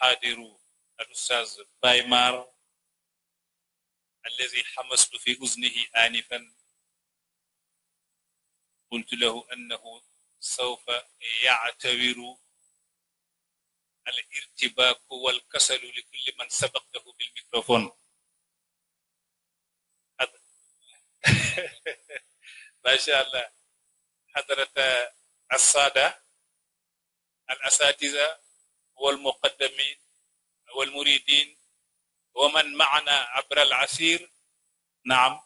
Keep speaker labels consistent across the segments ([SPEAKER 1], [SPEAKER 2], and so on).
[SPEAKER 1] قادر الأستاذ بايمار الذي حمست في أذنه آنفا قلت له أنه سوف يعتبر الارتباك والكسل لكل من سبقته بالميكروفون ما شاء الله حضرة السادة الأساتذة والمقدمين والمريدين ومن معنا عبر العسير نعم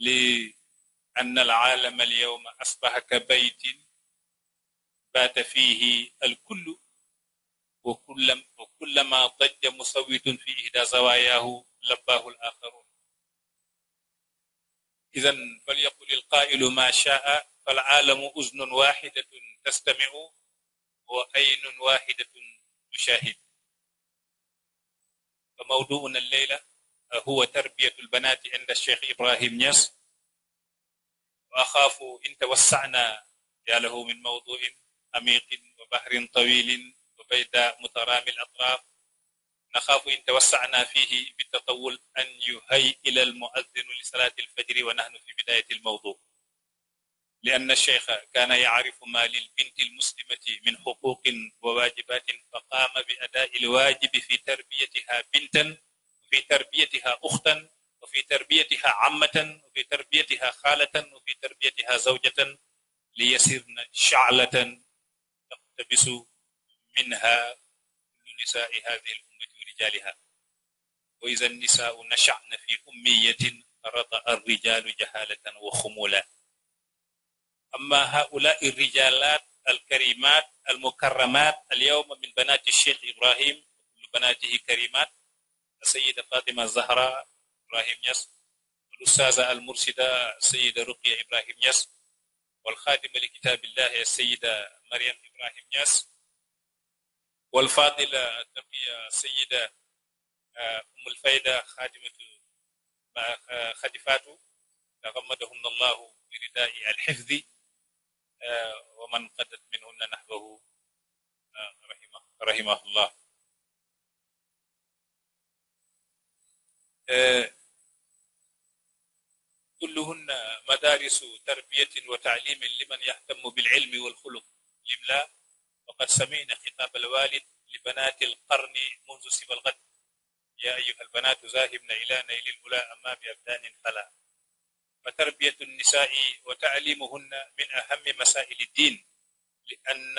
[SPEAKER 1] لأن العالم اليوم أصبح كبيت بات فيه الكل وكل وكلما ضج مصوت في إحدى زواياه لباه الآخرون إذا فليقل القائل ما شاء فالعالم أذن واحدة تستمع وعين واحدة تشاهد فموضوعنا الليلة هو تربية البنات عند الشيخ إبراهيم نيس وأخاف إن توسعنا يا له من موضوع عميق وبحر طويل وبيداء مترامي الأطراف نخاف إن توسعنا فيه بالتطول أن يهيئ المؤذن لصلاة الفجر ونحن في بداية الموضوع لأن الشيخ كان يعرف ما للبنت المسلمة من حقوق وواجبات فقام بأداء الواجب في تربيتها بنتا وفي تربيتها أختا وفي تربيتها عمة وفي تربيتها خالة وفي تربيتها زوجة ليسرن شعلة تقتبس منها كل نساء هذه الأمة ورجالها وإذا النساء نشعن في أمية رضأ الرجال جهالة وخمولا أما هؤلاء الرجالات الكريمات المكرمات اليوم من بنات الشيخ إبراهيم كل بناته كريمات السيدة فاطمة الزهراء إبراهيم يس والأستاذة المرشدة السيدة رقية إبراهيم يس والخادمة لكتاب الله السيدة مريم إبراهيم يس والفاضلة التقية السيدة آه، أم الفايدة خادمة آه، خليفاته تغمدهن الله برداء الحفظ آه، ومن قدت منهن نحوه آه، رحمه, رحمه الله آه، كلهن مدارس تربية وتعليم لمن يهتم بالعلم والخلق لملا وقد سمعنا خطاب الوالد لبنات القرن منذ سوى الغد يا أيها البنات ذاهبن إلى نيل الملاء أما بأبدان خلاق فتربية النساء وتعليمهن من أهم مسائل الدين لأن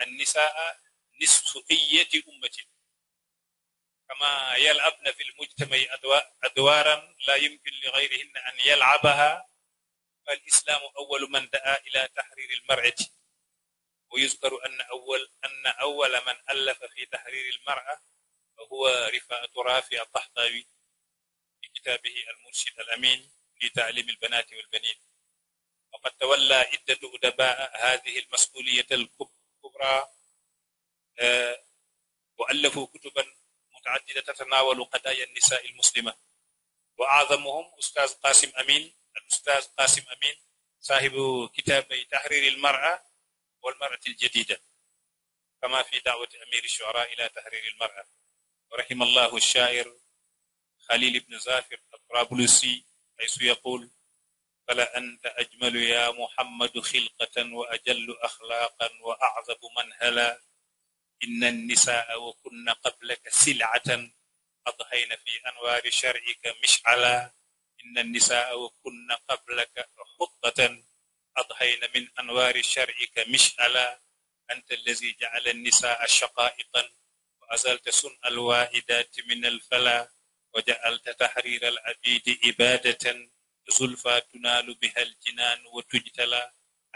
[SPEAKER 1] النساء نصف أية أمة كما يلعبن في المجتمع أدوارا لا يمكن لغيرهن أن يلعبها فالإسلام أول من دعا إلى تحرير المرأة ويذكر أن أول أن أول من ألف في تحرير المرأة وهو رفاعة رافع الطحطاوي كتابه المرشد الأمين في تعليم البنات والبنين وقد تولى عدة أدباء هذه المسؤولية الكبرى آه، وألفوا كتبا متعددة تتناول قضايا النساء المسلمة وأعظمهم أستاذ قاسم أمين الأستاذ قاسم أمين صاحب كتابي تحرير المرأة والمرأة الجديدة كما في دعوة أمير الشعراء إلى تحرير المرأة ورحم الله الشاعر خليل بن زافر الطرابلسي حيث يقول فلا أنت أجمل يا محمد خلقة وأجل أخلاقا وأعذب منهلا إن النساء وكن قبلك سلعة أضحين في أنوار شرعك مشعلا إن النساء وكن قبلك حطة أضحين من أنوار شرعك مشعلا أنت الذي جعل النساء شقائقا وأزلت سن الوائدات من الفلا وجعلت تحرير العبيد إبادة زلفى تنال بها الجنان وتجتلى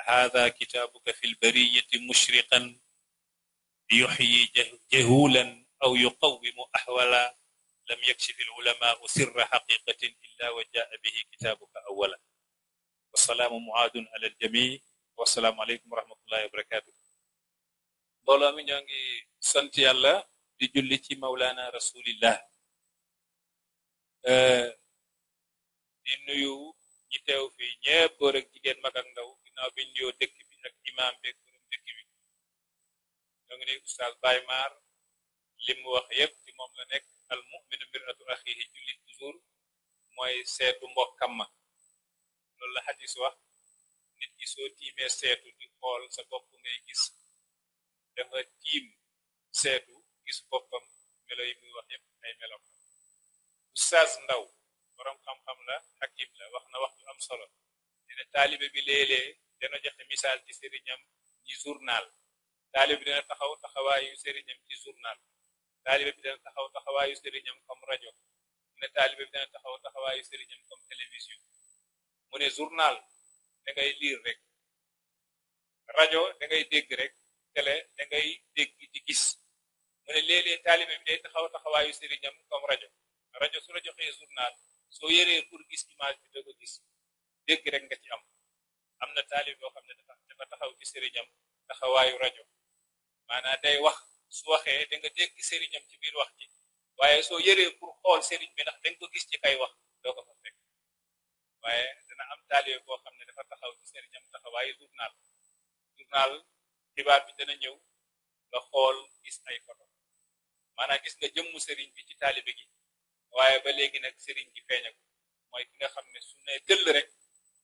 [SPEAKER 1] هذا كتابك في البرية مشرقا يحيي جهولا أو يقوم أحولا لم يكشف العلماء سر حقيقة إلا وجاء به كتابك أولا والسلام معاد على الجميع والسلام عليكم ورحمة الله وبركاته بولا من يانجي سنتي الله di مولانا رسول الله Euh, di nuyu ñi teew fii ñëpp góor ak jigéen mag ak ndaw ginnaaw bi nuyoo dëkk bi ak imaam beeg borom dëkk bi ñoo ngi nuyu Oustaz Baye Mar li wax yëpp ci moom la nekk al muminu miratu axihi jullit toujours mooy seetu mbokkam ma loolu la xadis wax nit ki soo seetu di xool sa bopp ngay gis dafa tiim seetu gis boppam melo yi muy wax yëpp ay melam oustaz ndaw borom xam-xam la xakim la wax na wax ju am solo dina taalibe bi léeg-léeg dana joxe misaal ci sëriñam ci journal taalibe bi dana taxaw taxawaayu sëriñam ci journal taalibe bi dana taxaw taxawaayu sëriñam comme rajo mu ne taalibe bi dana taxaw taxawaayu sëriñam comme télévision mu ne journal da ngay lire rek rajo da ngay dégg rek télé da ngay dégg di gis mu ne léeg-léeg taalibe bi day taxaw taxawaayu sëriñam comme rajo rajo su la joxee journal soo yëree pour gis image bi da ko gis dégg rek nga ci am am na taalib boo xam ne dafa dafa taxaw ci sëriñam taxawaayu rajo maanaa day wax su waxee da nga dégg sëriñam ci biir wax ji waaye soo yëree pour xool sëriñ bi ndax da ko gis ci kay wax doo ko fa fekk waaye dana am taalib boo xam ne dafa taxaw ci sëriñam taxawaayu journal journal xibaar bi dana ñëw nga xool gis ay photo maanaa gis nga jëmmu sëriñ bi ci taalibe gi waaye ba léegi nag sëriñ bi feeña ko mooy ki nga xam ne su ne dëll rek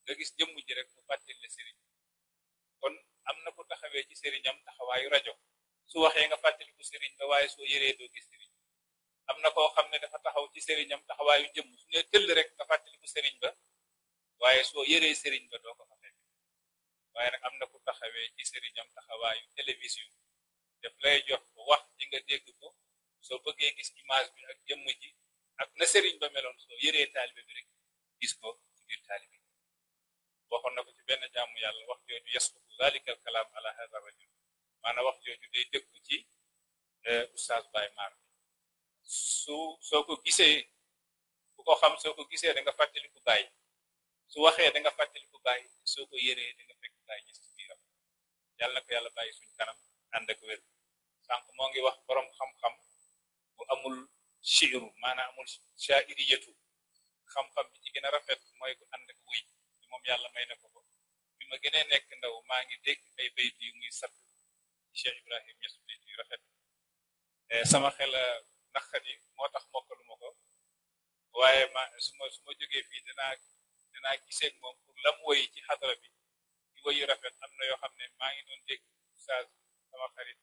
[SPEAKER 1] nga gis jëmm ji rek mu fàttali la sëriñ kon am na ko taxawee ci sëriñam taxawaayu rajo su waxee nga fàttali ko sëriñ waaye soo yëree doo gis sëriñ am na koo xam ne dafa taxaw ci sëriñam taxawaayu jëmm su ne rek nga fàttali ko sëriñ ba waaye soo yëree sëriñ ba doo fa fekk waaye am na ku taxawee ci sëriñam taxawaayu télévision daf lay jox ko wax di nga dégg ko soo bëggee gis image bi ak jëmm ji ak na sëriñ ba meloon soo yëree taalibe bi rek gis ko ci biir taalibe ko ci benn jaamu yàlla wax jooju yasqutu zalika al kalaam ala hada wax jooju day euh, su soo ko gisee ko xam soo ko gisee da nga fàttali ku bàyyi su waxee da nga fàttali ku bàyyi soo ko yëree da nga fekk bàyyi gis ci ko yàlla bàyyi suñ kanam ànd wér sànq moo ngi wax borom xam-xam bu amul chiru maanaam amul chaairiyatu xam-xam bi ci gën a rafet mooy ku ànd ak wuy moom yàlla may na ko ko bi ma gënee nekk ndaw maa ngi dégg ay yu muy sat Cheikh Ibrahim Ñas bayt yu rafet eh, sama xel naqari moo tax mokkalu ma ko waaye suma su ma su ma jógee fii dinaa dinaa gisee moom pour lam woy ci xadara bi ci woyu rafet am na yoo xam ne maa ngi doon dégg oustaz sama xarit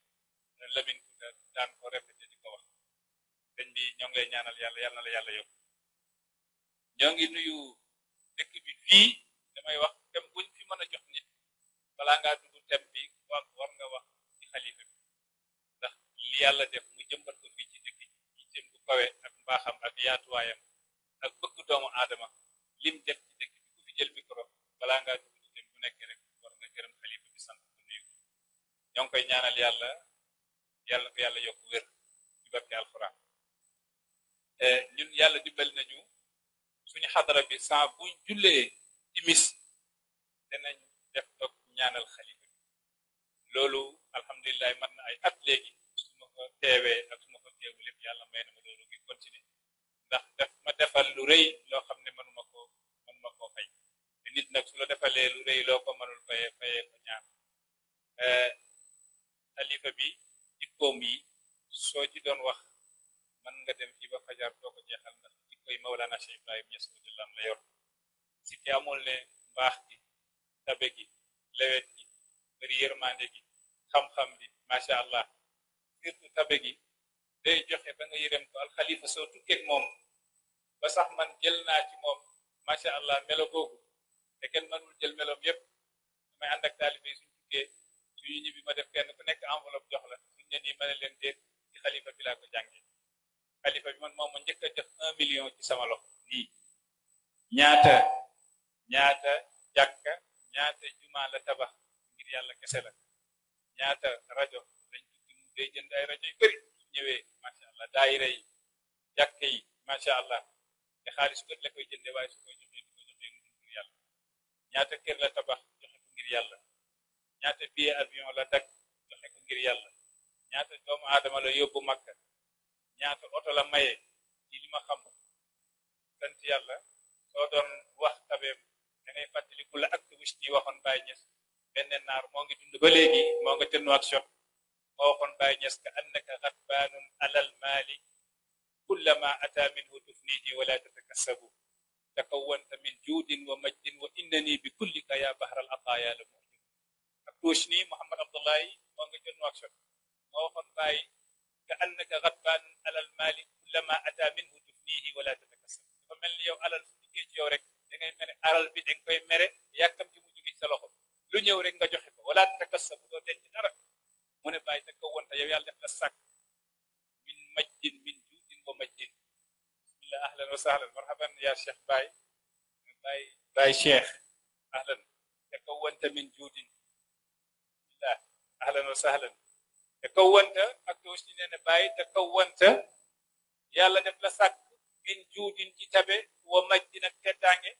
[SPEAKER 1] Lamine Kouta daan ko répété dañ bi ñoo ngi lay ñaanal yàlla yàlla la yàlla yokk ñoo ngi nuyu dëkk bi fii damay wax dem buñ fi mën a jox nit balaa ngaa dugg tem bi war war nga wax ci xalifa bi ndax li yàlla def mu jëmbat ko fii ci dëkk ci jëm bu kawe ak mbaaxam ak yaatuwaayam ak bëgg doomu aadama lim def ci dëkk bi ku fi jël micro balaa ngaa dugg ci tem bu nekk rek war nga gërëm xalifa bi sant ko nuyu ko ñoo ngi koy ñaanal yàlla yàlla na ko yàlla yokk wér ci barke alxuraan ñun yàlla dimbal nañu suñu xadara bi saa bu jullee timis danañ def toog ñaanal xalifa loolu alhamdulilah man na ay at léegi suma ko teewee ak suma ko teewu lépp yàlla may na ma loolu ngi continuer ndax def ma defal lu rëy loo xam ne mënuma ko mënuma koo fay nit nag su la defalee lu rëy loo ko mënul fayee fayee ko ñaan xalifa bi jikkoom yi soo ci doon wax man nga dem fii ba fajar doo ko jeexal ndax ci koy Mawlana Cheikh Ibrahim Niass radiyallahu anhu la si ki amul ne mbaax gi tabe gi lewet gi bëri yërmande gi xam-xam bi macha allah surtout tabe gi day joxe ba nga yërem ko alxalifa soo tukkeeg moom ba sax man jël naa ci ma macha allah melo googu te kenn mënul jël meloom yépp damay ànd ak taalibe suñ tukkee suñu ñibbi jox la suñ ne nii ma ne leen déet ci xalifa bi laa ko jàngee khalifa bi man moom ma eh, def million ci sama loxo ni ñaata ñaata jakka ñaata juma la tabax ngir yalla kese la ñaata radio lañ tuddi mu day jënd ay radio yu bëri ñëwé ma sha allah daayira yi jakka yi sha allah te xaaliss ko la koy jënde way su koy joxee ko joxee ngir yalla ñaata kër la tabax joxe ko ngir yalla ñaata billet avion la tak joxe ko ngir yalla ñaata doomu adama la yobbu makka ñaata oto la maye ci li ma xam sant yàlla soo doon wax tabeem da ngay fàttaliku la ak wis ci waxoon Baye Niass benn naar moo ngi dund ba léegi moo nga tënnu ak shot moo waxoon Baye Niass ka annaka xatbaanun alal maali kullama ata minhu tufnihi wala tatakassabu takawwanta min juudin wa majdin wa innani bi kullika ya bahra al ataaya la mu'jib ak tuush nii Mouhamad Abdoulaye moo nga tënnu ak shot moo waxoon Baye كأنك غضبان على المال لما أتى منه تفنيه ولا تتكسر فمن ليو على الفتكي جورك دنجي مري على البيت انكو يمري يكتب جمو جوكي سلوخو لن يو رنجا جوحفا ولا تتكسر بدو دنجي نرى من باي تكوان تيو يالي خلصاك من مجد من جود ومجد بسم الله أهلا وسهلا مرحبا يا شيخ باي باي باي شيخ أهلا تكوان من جود بسم الله أهلا وسهلا te kawwanta ak doos ni nee bàyyi te kawwanta yàlla def la sàkk min juudin ci tabe wa majdin ak teddaange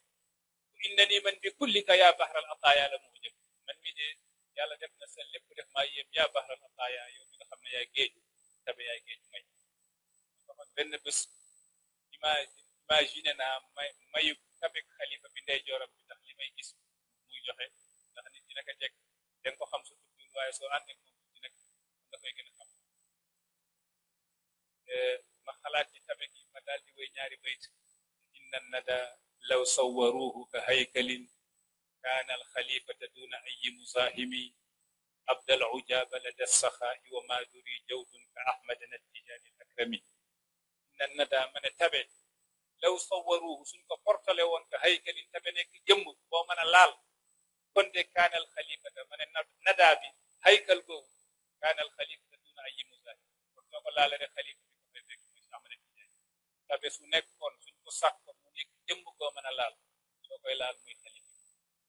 [SPEAKER 1] inna ni man bi kullika yaa bahral ataaya la moo jëkk man mi de yàlla def na sa lépp def maa yéem yaa bahral ataaya yow mi nga xam ne yaay géeju tabe yaay géeju may man benn bés imagine naa may mayu tabek xalifa bi ndey jooram bi ndax li may gis muy joxe ndax nit dina ko jekk danga ko xam su tuddul waaye soo ànd ak moom tabe gën a xam ma xalaat ci tabe gi ma daal di way ñaari bayt inna nada law sawwaruhu ka haykalin كان الخليفة دون أي مزاحم عبد العجاب لدى السخاء وما دري جود كأحمد التجاني الأكرم إن الندى من تبع law sawwaruhu suñ ko portale woon ko haykalin tabe nekk jëmm boo mën a laal kon de kaanal xalifata ma ne nadaa bi haykal googu kaana al xalifa duna ay muzaahid kon soo ko laala rek xalifa bi ko fay fekk mooy sàmmane bi jaay tabe su suñ ko sàkko mu koo mën a laal soo koy laal muy xalifa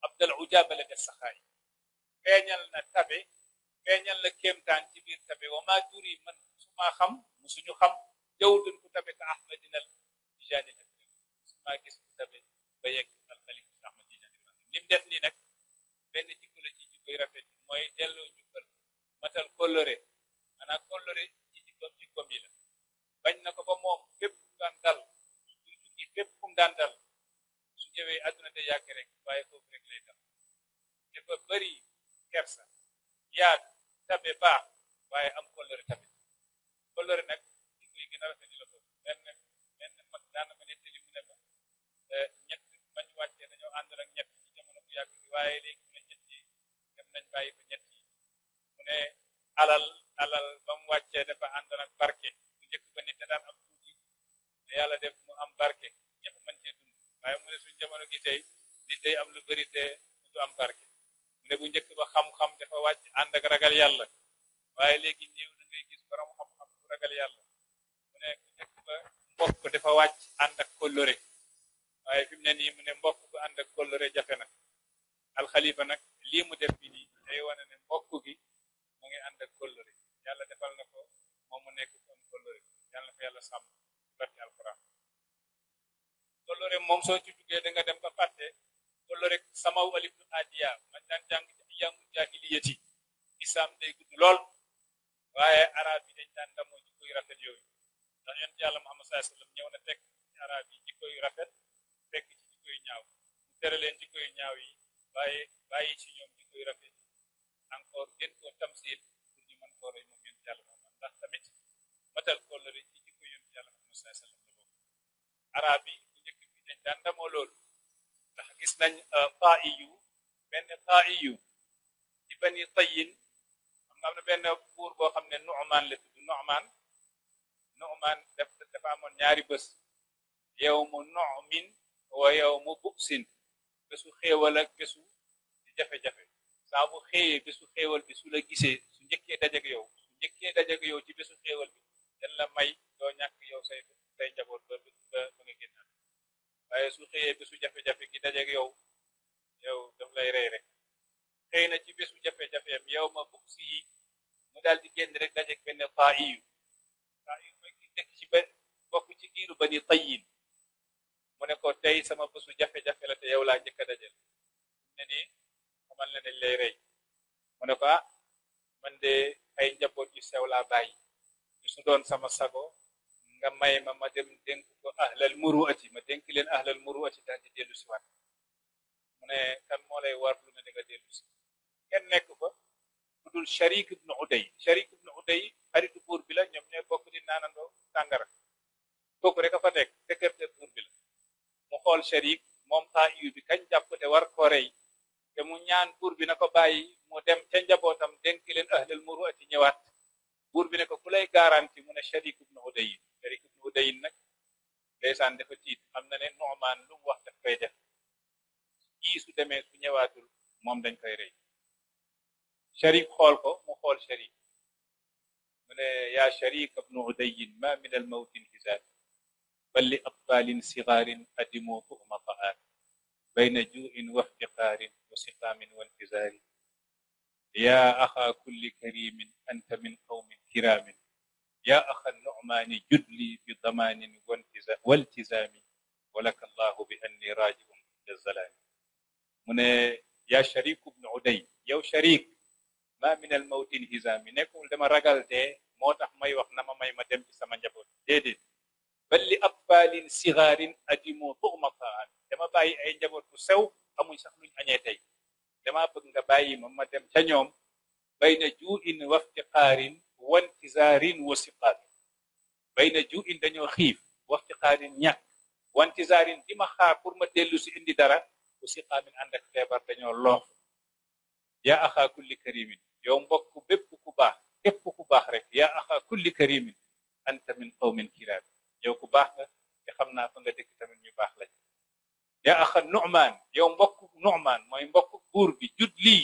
[SPEAKER 1] abdal ujaaba la def saxaay feeñal na tabe feeñal na kéemtaan ci biir tabe wa maa turi man suma xam mu suñu xam jëw ku tabe ka ahmadina tijaani nag maa gis ku tabe ba yegg al xalifa ahmad tijaani lim def nii nag benn jikko la ci jikko yu rafet mooy delloo ñu kër matal kóllëre maanaam kóllëre ci jikkoom jikkoom bañ na ko ba moom fépp fu mu daan dal suñ tukki fépp su ñëwee àdduna te yàgg rek waaye foofu rek lay dal dafa bëri kersa yaatu tabe baax waaye am kóllëre tamit kóllëre nag ci muy gën a rafet la ko benn benn mag daanaka nettali mu ne eh, ñett bañ wàccee dañoo ànd ak ñett ci jamono bu waaye léegi mu ne ñett yi ba ñett ne alal alal bam mu wàccee dafa àndoon ak barke bu njëkk ba nit daan am tuuti ne def mu am barke ñëpp mën cee dund waaye mu ne suñ jamono gi tey nit day am lu bëri te du am barke mu ne bu njëkk ba xam-xam dafa wàcc ànd ak ragal yàlla waaye léegi néew na ngay gis borom xam-xam bu ragal yàlla mu ne bu njëkk ba mbokk dafa wàcc ànd ak kóllëre waaye fi mu ne nii mu ne mbokk bu ànd ak kóllëre jafe na alxalifa nag lii mu def bi nii day wane ne mbokk gi ngi ànd ak kóllëre yàlla defal na ko moom mu nekk ku am kóllëre yàlla na ko yàlla sàmm ci barki alquran kóllëre moom soo ci duggee da nga dem ba fàtte kóllëre sama walib aadiya man daan jàng ci ayamu jahiliyati islam day gudd lool waaye arab yi dañ daan damoo jikko yu rafet muhammad sallallahu wasallam na arab yi rafet ci ñaaw mu tere ñaaw yi ci rafet encore nden ko tamsiyel pour ñu mën koo rey moom yonent yàlla Muhammad ndax tamit matal kóllëre ci jikko yonent yàlla Muhammad saa sallam la bokk arab yi bu njëkk bi dañ daan ndamoo loolu ndax gis nañ e, taa'i yu benn taa'i yu ci bani tayin am na am na benn buur boo xam ne Nu'man la tudd Nu'man Nu'man daf dafa amoon ñaari bés yow mu nu'min wa yow mu buksin bésu xéewal ak bésu di jafe-jafe saa bu xëyee bésu xéewal bi su la gisee su njëkkee dajak yow su njëkkee dajak yow ci bésu xéewal bi dañ la may doo ñàkk yow say say ba ba nga génnaat waaye su xëyee bésu jafe-jafe gi dajak ci bésu jafe-jafeem yow ma bug si yi mu di génn rek dajak benn taa iyu taa iyu mooy ki nekk ci ba bokk ci giiru bani tayin mu ne ko tey sama bésu jafe-jafe la te yow laa njëkk a xamal ne dañ lay rey ko ah, man de ay njaboot yu sew laa bàyyi su doon sama sago nga may ma ma dem dénk ko ahlal muruati ma dénk leen ahlal muruati daal di dellu si waat mu ne kan moo lay warlu ne da kenn nekk fa ku dul sharik ibnu uday sharik ibnu uday xaritu buur bi la ñoom ñooy bokk di naanandoo sàngara kooku rek a fa nekk secrétaire buur bi mu xool sharik moom taa iyu bi kañ jàpp te war koo te mu ñaan buur bi na ko bàyyi mu dem ca njabootam dénk leen ahlul muru'ati ñëwaat buur bi ne ko ku lay garanti mu ne Sharik ibnu Udayin Sharik ibnu Udayin nag ndeysaan dafa tiit xam na ne Nu'maan lu mu wax daf koy def kii su demee su ñëwaatul moom dañ koy rey Sharik xool ko mu xool Sharik mu ne yaa Sharik ibnu Udayin ma min al mawti inhizaaz bal li atfaalin sigaarin qadimu tuhma ta'aam بين جوء وافتقار وسقام وانتزار يا أخا كل كريم أنت من قوم كرام يا أخا النعمان جد لي بضمان والتزام ولك الله بأني راجع إلى الزلام من يا شريك بن عدي يا شريك ما من الموت انهزام نكون لما ragal dee moo tax may wax na ma may ma بل لأطفال صغار أدم طغمة لما باي أي جبر كسو أم يسخن أنيتي لما بنغ باي مما دم تنيوم بين جوء وافتقار وانتظار وسقار بين جوء دنيو خيف وافتقار نيك وانتظار دي مخا كرمة اللوسي اندي دارا وسقار من عندك تيبر دنيو الله يا أخا كل كريم يوم بكو بيبكو باه بيبكو باه يا أخا كل كريم أنت من قوم كرام yow ku baax nga te xam naa fa nga dëkk tamit ñu baax lañ yaa axa nu'maan yow mbokk nu'maan mooy mbokk buur bi jut lii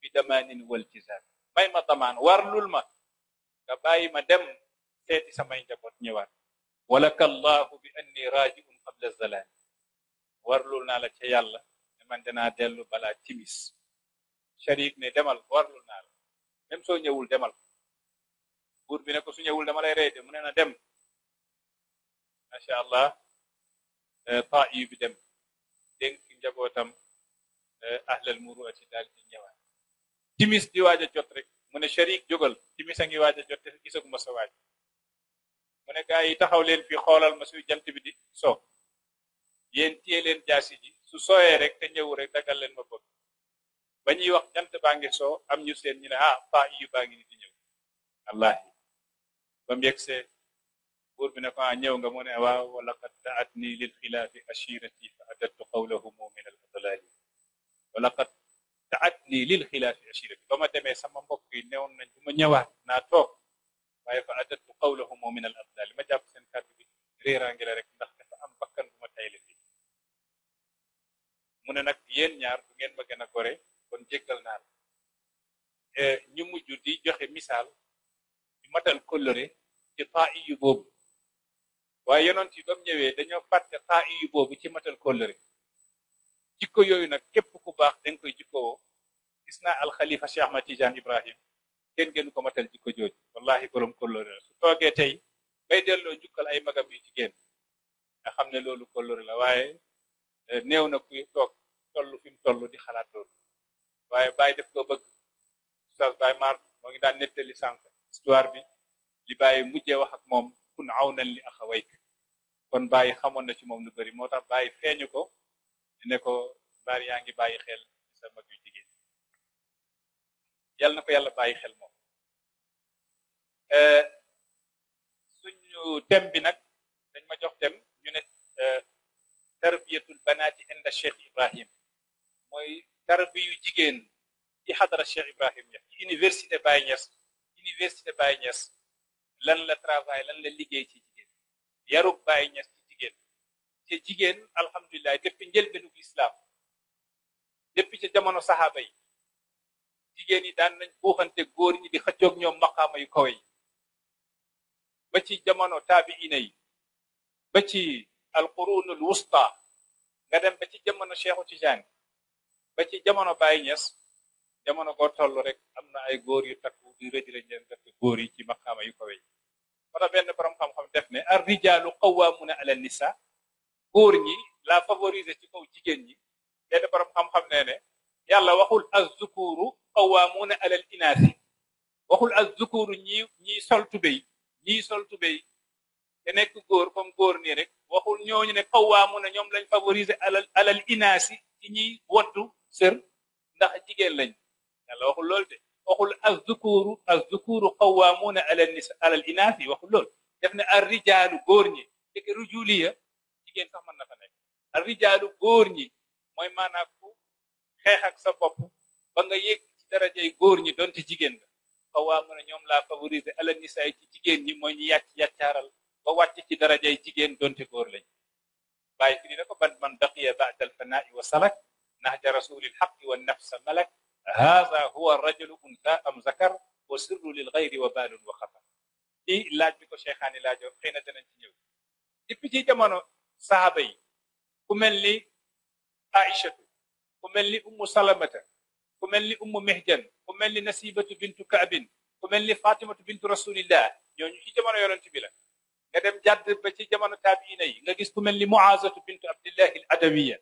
[SPEAKER 1] bi damaanin wal jizaam may ma damaan warlul ma nga bàyyi ma dem seeti samay njaboot ñëwaat walaka allahu bi anni raajiun qabla zalaam warlul naa la ca yàlla ne man danaa dellu balaa timis sharik ne demal warlul naa la même soo ñëwul demal buur bi ne ko su ñëwul dama lay rey de mu ne na dem macha allah eh, pa yu bi dem dénk njabootam eh, ahlal muruati daal di ñëwaat timis di waaj a jot rek mu ne sharik jógal timis a ngi waaj a jot te gisaguma sa waaj mu ne yi taxaw leen fii xoolal ma si jant bi di so yéen leen jaasi ji su sooyee rek te ñëw rek dagal leen ma bopp ba ñuy wax jant baa ngi soo am ñu seen ñu ne ah pa yu baa ngi ni ñëw wallahi ba mu buur bi ko ah ñëw nga mu ne waaw wala qad daat nii lil xilaafi ashirati fa adattu qawlahumu min al adlaali wala qad daat nii lil xilaafi ashirati ba ma demee sama mbokk yi newoon nañ bu ma ñëwaat naa toog waaye fa adattu qawlahumu min al adlaali ma jàpp seen kàddu bi réeraange rek ndax dafa am bakkan bu ma tayle fii mu ne nag yéen ñaar bu ngeen ma gën a gore kon jéggal naa eh, ñu mujj joxe misaal mata matal coloré ci paa waaye yonent yi ba ñëwee dañoo fàtte xaa iyu boobu ci matal kóllëre jikko yooyu nag képp ku baax da nga koy jikkowoo gis naa alxalifa Cheikh Ahmad Tidiane Ibrahim kenn gënu ko matal jikko jooju wallahi borom kóllëre la su toogee tey bay delloo jukkal ay magam yu jigéen nga xam ne loolu kóllëre la waaye eh, néew na kuy toog toll fi mu di xalaat loolu waaye Baye def ko bëgg Oustaz Baye Mar moo ngi daan nettali sànq histoire bi li Baye mujjee ak moom kun awnan li axawayk kon bàyyi xamoon na ci moom lu bëri moo tax bàyyi feeñu ko ne ko baar yaa ngi bàyyi xel sa mag yu jigéen yàlla na ko yàlla bàyyi xel moom suñu tem bi nag dañ ma jox tem ñu ne tarbiyatul banaati inda Cheikh Ibrahim mooy tarbi yu jigéen ci xadara Cheikh Ibrahim ya ci université bàyyi Niass université bàyyi Niass lan la travail lan la liggéey ci yarub bàyyi ñes ci jigéen te jigéen alhamdulilah depuis njëlbéenu lislaam depuis ca jamono saxaaba yi jigéen yi daan nañ buuxante góor ñi di xëccoog ñoom maqaama yu kawe yi ba ci jamono taabiina yi ba ci alqurunul wusta nga dem ba ci jamono cheikhu tijaan ba ci jamono bàyyi ñes jamono goo toll rek am na ay góor yu takku di rëjële leen def góor yi ci maqaama yu kawe moo tax benn borom xam-xam def ne ar rijaalu qawwaamuna ala nisa góor ñi la favoriser ci kaw jigéen ñi benn borom xam-xam nee ne yàlla waxul azzukuru qawwaamuna ala al inaasi waxul azzukuru ñi ñi sol tubéy ñi sol tubéy te nekk góor comme góor nii rek waxul ñooñu ne qawwaamuna ñoom lañ favoriser alal alal inaasi ci ñiy woddu sër ndax jigéen lañ yàlla waxul loolu de وقل الذكور الذكور قوامون على النساء على الاناث وقل لول يعني الرجال غورني ديك رجوليه جيجين صاح من الرجال غورني موي ماناكو خيخ اك سا بوب باغا ييك سي درجه اي غورني دونت جيجين قوامون نيوم لا فابوريزي على النساء تي جيجين ني موي ني يات ياتارال با وات سي درجه اي جيجين دونت غور لاي باي فيني نكو بان من بقي بعد الفناء وسلك نهج رسول الحق والنفس ملك هذا هو الرجل انثى ام ذكر وسر للغير وبال وخطر اي لاج بكو شيخان لاج خينا تنن تي نيو اي بيتي جامانو صحابي كوملي عائشه كوملي ام سلمه كوملي ام مهجن كوملي نسيبه بنت كعب كوملي فاطمه بنت رسول الله ñoo ñu ci jamono yonenti bi la nga dem jadd ba ci jamono tabiina yi nga gis ku melni muazatu bint abdullah al adawiyya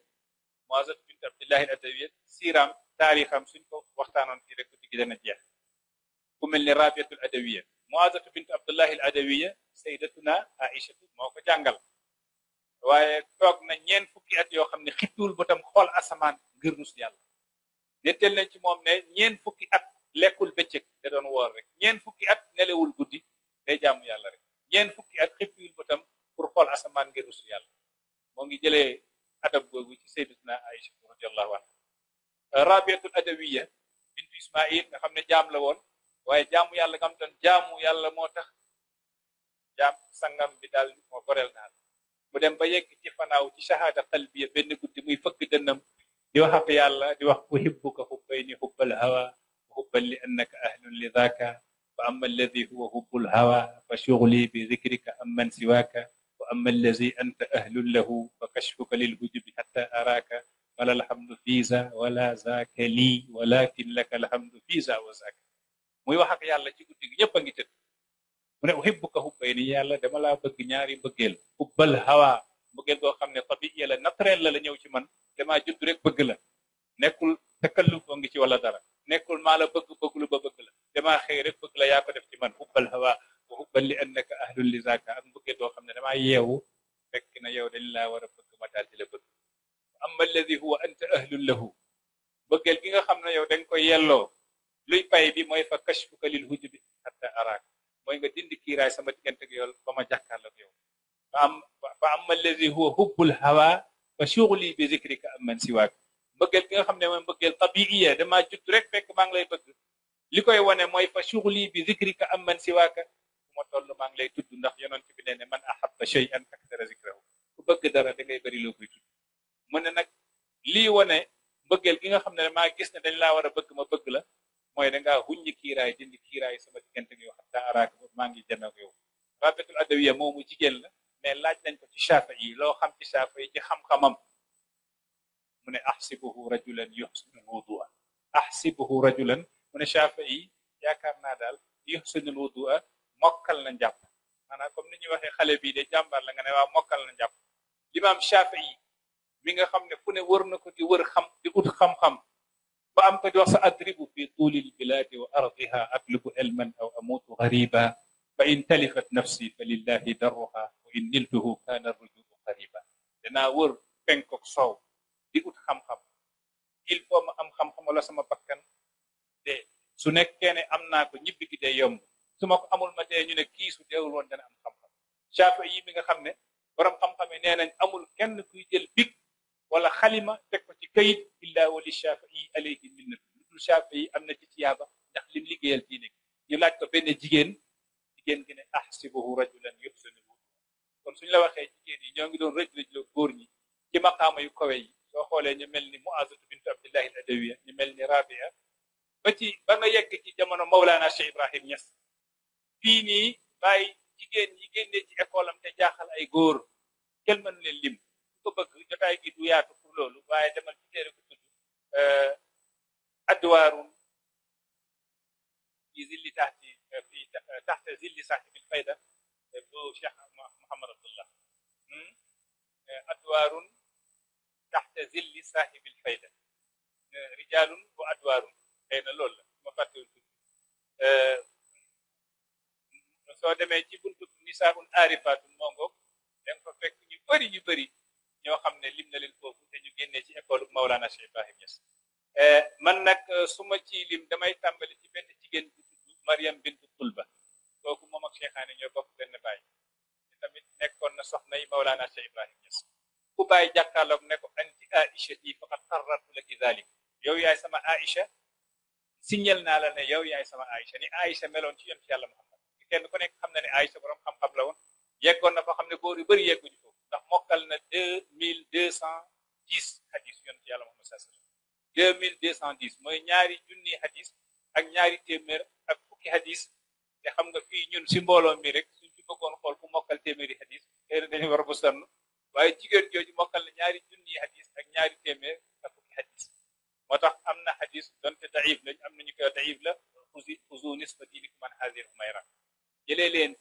[SPEAKER 1] muazatu bint abdullah al adawiyya siram taarixam suñ ko waxtaanoon fii rek guddi gi dana jeex ku mel ni rabiatul adawiya moazatu bintu abdullahi al adawiya saydatuna aïchatu moo ko jàngal waaye toog na ñeen fukki at yoo xam ne xittuwul bëtam xool asamaan ngir rus yàlla netteel nañ ci moom ne ñeen fukki at lekkul bëccëg da doon woor rek ñeen fukki at nelewul guddi day jaamu yàlla rek ñeen fukki at xittuwul bëtam pour xool asamaan ngir rus yàlla moo ngi jëlee adab googu ci saydatuna aïchatu radiallahu anha رابيه الادويه بنت اسماعيل خا خني جام لا وون واي جامو يالا غام تان جامو يالا موتاخ جام سانغام بي دال مو غورل نال مو ديم با ييك تي فناو تي شهاده قلبيه بن غودي موي فك دنم دي واخ حق يالا دي واخ احبك حبين حب الهوى حبا لانك اهل لذاك فاما الذي هو حب الهوى فشغلي بذكرك اما سواك واما الذي انت اهل له فكشفك للوجب حتى اراك ولا الحمد في ذا ولا ذاك لي ولكن لك الحمد في ذا وذاك موي وحق يالله تي غودي نيب باغي تيت من احبك حب بين يالله دما لا بغ نياري بغيل حب الهوى بغيل بو خامني طبيعي لا ناتريل لا نيو سي مان دما جود ريك بغ لا نيكول تكلف غي سي ولا دار نيكول مالا بغ بغ لو بغ لا دما خير ريك بغ لا يا ديف سي مان حب الهوى وحب لانك اهل لذاك ام بغي دو خامني دما ييو فك نا ييو دلا ورا بغ ما دال دي لا بغ أما الذي هو أنت أهل له بقل كيغا خمنا يو دنكو يلو لوي باي بي موي فكشفك للهجب حتى أراك موي نغا دند كيراي سما تكنتك يول فما جاكا لك يول فأما الذي هو حب الهوى فشغلي بذكرك أمن سواك بقل كيغا خمنا يوم بقل طبيعية دما جد ريك فيك مان لي بقل لكي وانا موي فشغلي بذكرك أمن سواك وما تولو مان تدو نخ يونان من أحب شيئا أكثر ذكره وبقل دنكي بري لوكي تدو mu ne nag lii wane mbëggeel gi nga xam ne maa gis ne dañ laa war a bëgg ma bëgg la mooy dangaa huññi kiiraay dindi kiiraay sama diggante gi wax daa araak maa ngi jëm ak yow rabitul adawiya moomu jigéen la mais laaj nañ ko ci loo xam ci shaafa yi ci xam-xamam mu ne ahsibuhu rajulan yuhsinul wudua ahsibuhu rajulan mu ne shaafa yi yaakaar naa daal yuhsinul wudua mokkal na njàpp maanaam comme ni ñuy waxee xale bii de jàmbaar la nga ne waa mokkal na njàpp limaam shaafa mi nga xam ne fu ne wër na ko di wër xam di ut xam-xam ba am ko di wax sa adribu fi tuuli lbiladi wa ardiha atlubu ilman aw amutu gariba fa in talifat nafsi fa lillahi darruha wa in niltuhu kana rujuu qariba danaa wër penkook soow di ut xam-xam il faut ma am xam-xam wala sama bakkan de su nekkee ne am naa ko ñibbi gi dee yomb su ma ko amul ma dee ñu ne kii su deewul woon dana am xam-xam shafe yi mi nga xam ne borom xam-xam yi nee nañ amul kenn kuy jël big ولا خليمة تكوتي كيد إلا ولشافعي عليه من نبي شافعي أمنا تتيابا نخلم لقيا الدينك يلاك تبين جيجين جيجين جيجين أحسبه رجلا يحسن الوضوء كون سنلا وخي جيجين يجون جدون رجل جلو بورني كما قام يكوي وخولي نملني مؤازة بنت عبد الله الأدوية نملني رابعة بتي بما يكي جمعنا مولانا شيخ إبراهيم يس فيني باي جيجين جيجين نتي أقولم تجاخل أي غور كلمة للمو ko bëgg jotaay gi du yaatu pour loolu waaye demal ci téere ko tudd adwaarun fi zilli taxti fi taxte zilli saaxibil fayda bu cheikh mohamad abdullah adwaarun taxte zilli saaxibil fayda rijaalun bu adwaarun xëy na loolu la ma fàttewul tudd soo demee ci buntu nisaa un aarifaatun mongo da nga fa fekk ñu bëri ñu bëri ñoo xam ne lim na leen foofu te ñu génnee ci école Maolana Cheikh Ibrahim Niass man nag su ma ciy lim damay tàmbali ci benn jigéen bu tudd Mariam Bintu Tulba kooku moom ak Cheikhaane ñoo bokk benn baay te tamit nekkoon na soxna yi Maolana Cheikh Ibrahim Niass ku bàyyi jàkkaarloog ne ko anti Aïcha yi faqad qarrartu laki zalik yow yaay sama Aïcha signal naa la ne yow yaay sama Aïcha ni Aïcha meloon ci yoon ci yàlla Muhammad kenn ku nekk xam na ne Aïcha borom xam-xam la woon yeggoon na fa xam ne góor yu bëri yegguñu foofu ndax mokkal na deux deux cent dix hadis yonent yàlla Muhammad sallallahu alayhi wasallam deux mille deux cent dix mooy ñaari junni hadis ak ñaari téeméer ak fukki hadis te xam nga fii ñun si mbooloo mi rek suñ ci bëggoon xool ku mokkal téeméeri hadis léegi dañu war bu sonn waaye jigéen jooju mokkal na ñaari junni hadis ak ñaari téeméer ak fukki hadis moo tax am na hadis donte daif lañ am ñu koy daif la usi usu nisba diinikum an haazihil humayra jëlee leen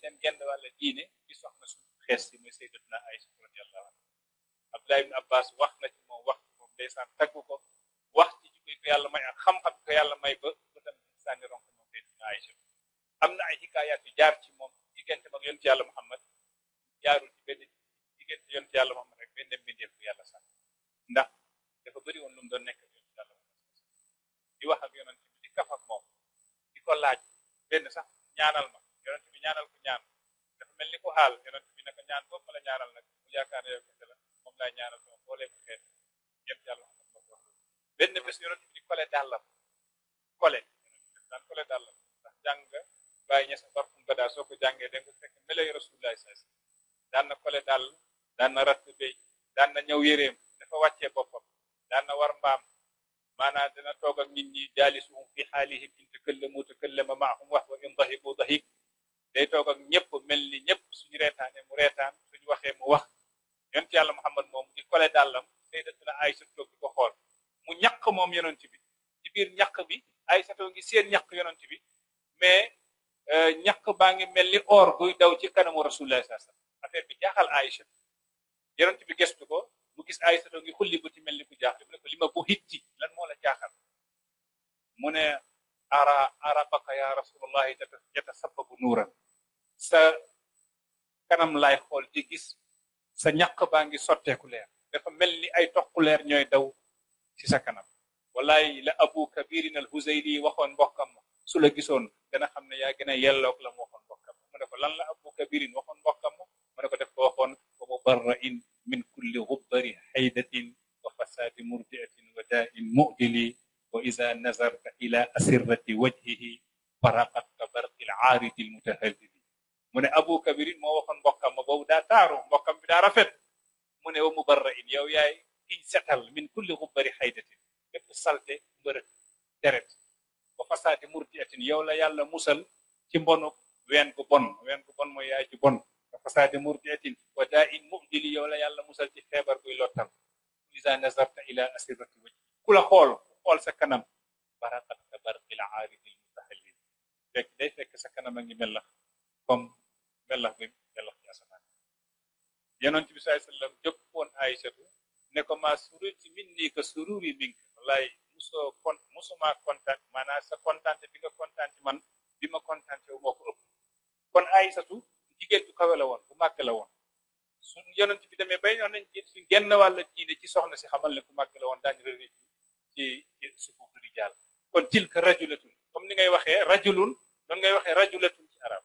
[SPEAKER 1] ngi seen ñàkk yonent bi mais euh, ñàkk baa ngi mel ni or guy daw ci kanamu rasulullah saa sallam affaire bi jaaxal Aïcha yonent bi gestu ko mu gis Aïcha ngi xulli ba ci mel ni ku jaaxle mu li ma bu hitti lan moo la mu ne ara arabaka ya rasulullahi yatasababu nuuran sa kanam laay xool di gis sa ñàkk baa ngi sotteeku leer dafa mel ni ay toq leer ñooy daw ci sa kanam wallaay la abu kabirin al husayri waxoon mbokkam su la gisoon dana xam ne yaa gën a yelloog la mu waxoon mbokkam mu ne ko lan la abu kabirin waxoon mbokkam mu ne ko def ko waxoon wa mubarrain min kulli gubbari haydatin wa fasadi murdiatin wa daa'in mu'dili wa ida nazarta ila asirrati wajhihi faraqat ka barqi al aaridi al mutahadidi mu ne abu kabirin moo waxoon mbokkam ma boobu daa taaru mbokkam bi daa rafet mu ne wa mubarrain yow yaay kiñ setal min kulli gubbari haydatin bépp salte mbërët deret ba fasaati murtiatin yow la yàlla musal ci mbonu ween bon ween gu bon mooy yaay ci bon ba fasaati murtiatin wa daa in mubdili yow la yàlla musal ci feebar buy lottal isa nazarta ila asirati waj ku xool ku xool sa kanam baraqat ka barqil aaridil mutahallil fekk day fekk sa kanam a ngi mellax comme ci asamaan yonent bi sallallahu alayhi wasallam ne ko maa sururti min nii ka sururi mink lay musoo kon musuma kontaan maanaam sa kontaante bi nga kontaan ci man bi ma kontaan ci yow ko ëpp kon Aysatu jigéen bu kawe la woon bu màgg la woon su yonent bi demee bay ñoo nañ suñ genn wàll diine ci soxna si xamal ne ku màgg la woon daañu rëri ci ci sufuuf di jàll kon tilka rajulatun comme ni ngay waxee rajulun noonu ngay waxee rajulatun ci arab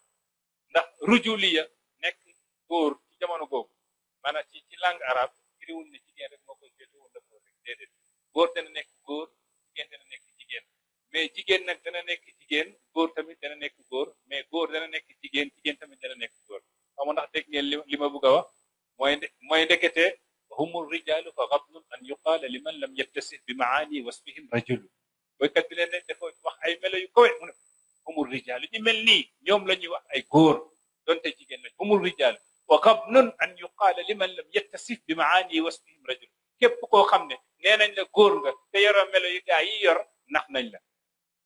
[SPEAKER 1] ndax rujuliya nekk góor ci jamono googu maanaam ci ci langue arabe firiwul ne jigéen rek moo koy féetewul la góor góor dana nekk góor jigéen dana nekk jigéen mais jigéen nag dana nekk jigéen góor tamit dana nekk góor mais góor dana nekk jigéen jigéen tamit dana nekk góor xam ndax dégg ngeen li ma bëgg a wax mooy mooy ndekete humul rijaalu fa gablun an yuqaala liman lam yattasif bi maani wasfihim rajulu boykat bi leen ne dafa wax ay melo yu kawe mu ne humul rijal ñu mel nii ñoom la ñuy wax ay góor donte jigéen lañ humul rijaalu wa gablun an yuqaala liman lam yattasif bi maani wasfihim rajulu képp koo xam góor nga te yoro melo yu yi yor nax nañ la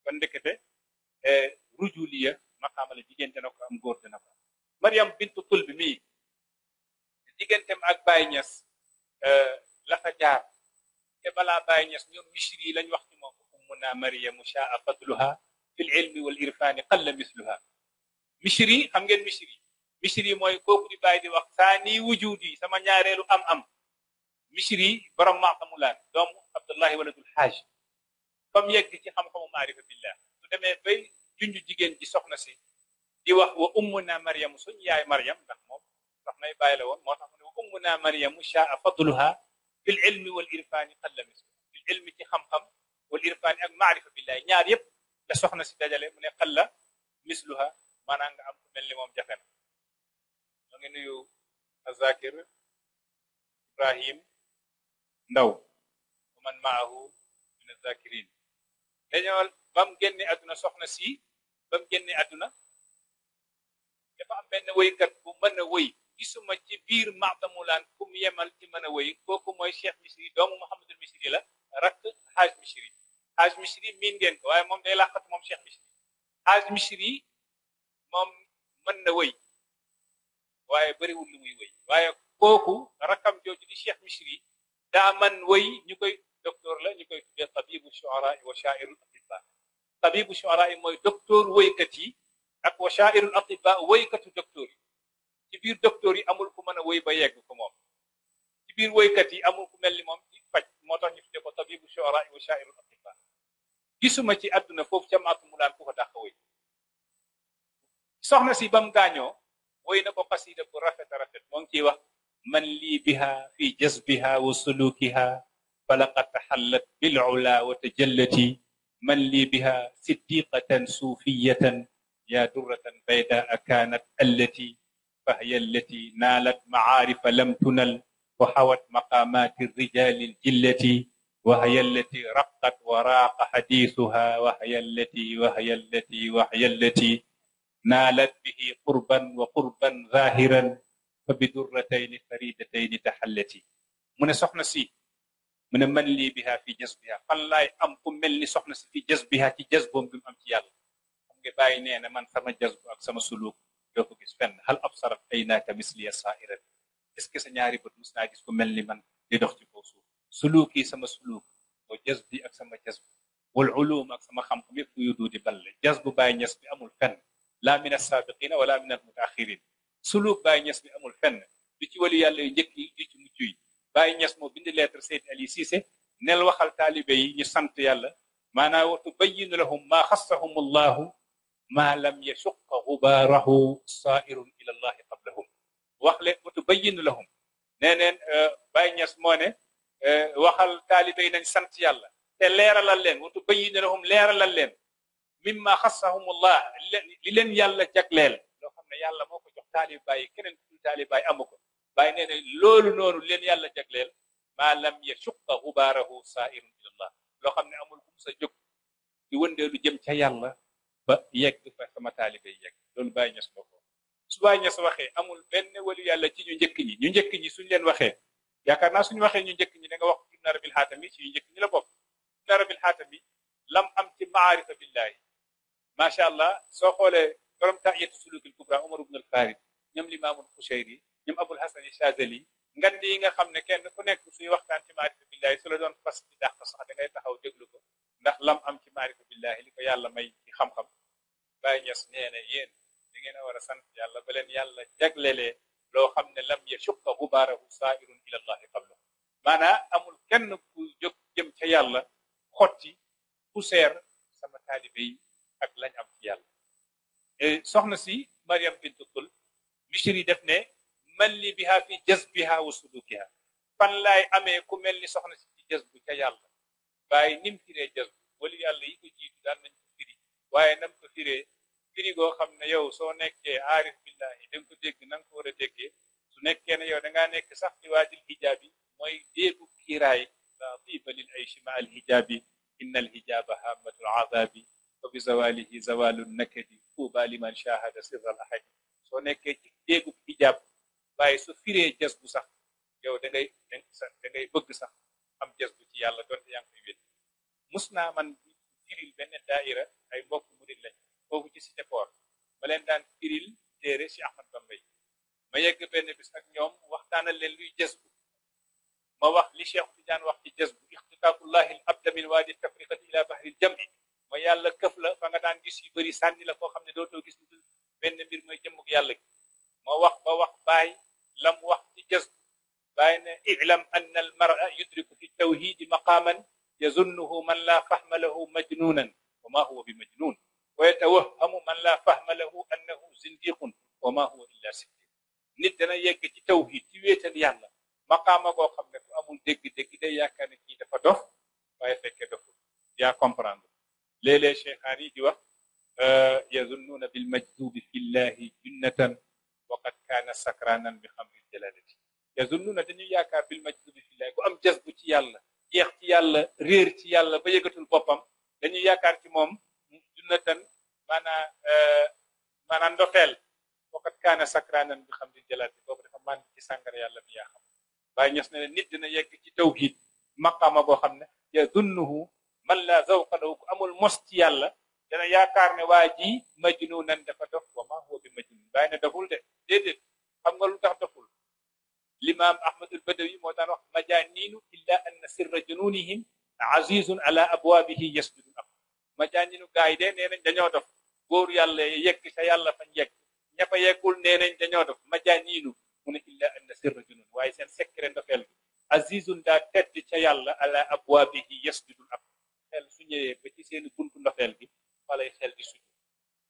[SPEAKER 1] kon ndekete e, rujuliya maqaamale jigéen dina ko am góor dina ko am Mariam bintu Tulbi mii digganteem ak Baye Niass la fa jaar te balaa Baye Niass ñoom misri yi lañ wax ci moom ummuna Mariamu shaa fadluha a ilmi wal irfani misri xam ngeen misri misri mooy kooku di bàyyi di wax saa nii wujudi sama ñaareelu am-am misri borom maa âge ba mu yegg ci xam-xamu maarifa billah su demee bay junj jigéen ji soxna si di wax wa ummuna mariamu suñ yaay mariam ndax moom soxnay bàyyi la woon moo tax mu ne wa ummuna mariamu shaa fadluha fi l ilmi wal irfaani qalla mislu fi l ilmi ci xam-xam wal irfaani ak maarifa billahi ñaar yépp la soxna si dajale si ba aduna génne dafa am benn wëykat bu mën a wëy gisuma ci biir maxdamulaan ku mu yemal ci mën a wëy kooku mooy cheikh misri doomu al misri la rakk Haj misri Haj misri miin ngeen ko waaye moom day làqat moom cheikh misri Haj misri moom mën na wëy waaye bariwul lu muy wëy waaye kooku rakam jooju di cheikh misri daa man wëy ñu koy docteur la ñu koy tuddee tabibu shuara wa tabibu shuara yi mooy docteur woykat yi ak wa shaairul atibaa woykatu docteur yi ci biir docteur yi amul ku mën a woy ba yegg ko moom ci biir woykat yi amul ku mel ni moom ci faj moo tax ñu tudde ko tabibu shuara yi wa shaairul atibaa gisuma ci àdduna foofu jamaatu mu daan ku ko dàq woy soxna si ba mu gaañoo woy na ko xasida bu rafet a rafet moo ngi ciy wax man lii biha fi jazbiha wa sulukiha falaqad taxallat bil ula wa tajallati من لي بها صديقة صوفية يا درة بيداء كانت التي فهي التي نالت معارف لم تنل وحوت مقامات الرجال الجلة وهي التي رقت وراق حديثها وهي التي وهي التي وهي التي نالت به قربا وقربا ظاهرا فبدرتين فريدتين تحلتي من سخنسي من من لي بها في جذبها فالله ام كم من لي سخنا في جذبها في جذبهم بم ام تيال ام جي باي نينا من سما جذب اك سما سلوك دوكو جيس فن هل ابصر عيناك مثل يا سائر اس كي سنياري بوت مسنا جيس كم من لي من لي دوخ تي كوسو سلوكي سما سلوك و جذبي اك سما جذب والعلوم اك سما خم كم يكو يدو دي بل جذب باي نيس بي امول فن لا من السابقين ولا من المتاخرين سلوك باي نيس بي امول فن دي تي ولي يالله جيكي دي تي bàyyi ñes moo bind lettre Seyd Ali Cissé nel waxal taalibe yi ñu sant yàlla maanaa wa tubayinu lahum maa xassahum allahu maa lam yasuqa xubaarahu saairun ila allahi qablahum wax leen wa tubayinu lahum nee neen bàyyi ñes moo ne waxal taalibe yi nañ sant yàlla te leeralal leen wa tubayinu lahum leeralal leen mimma xassahum allah li leen yàlla jagleel loo xam ne yàlla moo ko jox taalibaay keneen ku dul taalibaay amu ko bàyyi nee ne loolu noonu leen yàlla jagleel maa lam yashuqqa xubaarahu saa'irun ilallah loo xam ne amul ku sa jóg di wëndeelu jëm ca yàlla ba yegg fa sama taalibe yegg loolu bàyyi ñes na ko su bàyyi ñes waxee amul benn walu yàlla ci ñu njëkk ñi ñu njëkk ñi suñu leen waxee yaakaar naa suñu waxee ñu njëkk ñi da nga wax ibn arabil xaatami ci ñu njëkk ñi la bokk ibn arabil xaatami lam am ci maarifa billahi macha allah soo xoolee borom taiyatu sulukil kubra omar ibn al farid ñoom limaamul xuseyri ñoom abul hasan yi chazeli ngand yi nga xam ne kenn ku nekk suy waxtaan ci maarifa billahi su doon fas bi dàq sax da ngay taxaw ko ndax lam am ci maarifa billahi li ko yàlla may ci xam-xam Baay Ñas nee na yéen ngeen a war a sant yàlla ba le yàlla jaglelee loo xam ne lam yashqa gubaarahu saairun ila allahi qablahu maanaa amul kenn ku jóg jëm ca yàlla xotti poussière sama taalibe yi ak lañ am ci yàlla eh, soxna si Mariam bintu Kul Bichri def ne malli biha fi jazbiha wa sulukiha fan laay amee ku mel ni soxna si ci jazbu ca yàlla bàyyi nim firee jazbu wala yàlla yi ko jiitu daan nañ ko firi waaye nam ko firee firi goo xam ne yow soo nekkee aarif billahi da nga ko dégg na nga ko war a déggee su nekkee ne yow da ngaa nekk sax ci waajil hijaab yi mooy déebu kiiraay la tiba lil ayshi ma al hijaabi inna al hijaaba hammatul azabi wa bi zawalihi zawalu nakadi tuuba liman shahada sirral ahadi soo nekkee ci déegub hijaab waaye su firee jas bu sax yow da ngay da ngay bëgg sax am jas bu ci yàlla doonte yaa ngi koy wét mus naa man firil benn daaira ay mbokk murit lañ foofu ci cité port ma leen daan firil téere si Ahmad Bambay ma yegg benn bis ak ñoom waxtaanal leen luy jas bu ma wax li Cheikh Tidiane wax ci jas bu ixtitaaqullahi al abda min waadi tafriqat ila bahri al jami ma yàlla këf la fa nga daan gis yu bëri sànni la koo xam ne dootoo gis benn mbir mooy jëmmug yàlla gi ma wax ba wax bàyyi لم وقت جزم بين اعلم ان المرء يدرك في التوحيد مقاما يظنه من لا فهم له مجنونا وما هو بمجنون ويتوهم من لا فهم له انه زنديق وما هو الا سكين ندنا يك توحيد تويت يالا مقام كو خامل كو امول دك دك دي ياكان كي دا فا دوف باي فك دوف يا كومبراندو لي لي شيخ علي دي واخ يظنون بالمجذوب في الله جنه waqad kaana sakraanan bi xamril jalalati na dañuy yaakaar bil majzubi fillahi ku am jazbu ci yàlla jeex ci yàlla réer ci yàlla ba yëgatul boppam dañuy yaakaar ci moom junnatan maanaa euh, maanaa ndoxeel waqad kaana sakraanan bi xamril jalalati boobu dafa man ci sàngara yàlla bi yaa xam waaye ñes ne ne nit dina yegg ci tawhid maqaama boo xam ne yazunnuhu man la zawqa lahu ku amul mos ci yàlla dana yaakaar ne waa ji dafa dof wa المتين باين دهول ده ديدت خم غلو تحت دهول الإمام أحمد البدوي موتان وقت مجانين إلا أن سر جنونهم عزيز على أبوابه يسجد مجانين قايدين نيرن جنيو دف غور يالله يك شايا الله فن يك نفا يقول نيرن جنيو مجانين من إلا أن سر جنون واي سن سكرن دفل عزيز دا تد شايا الله على أبوابه يسجد الأقل خل سنية بتسين بنت دفل فلا يخل سنية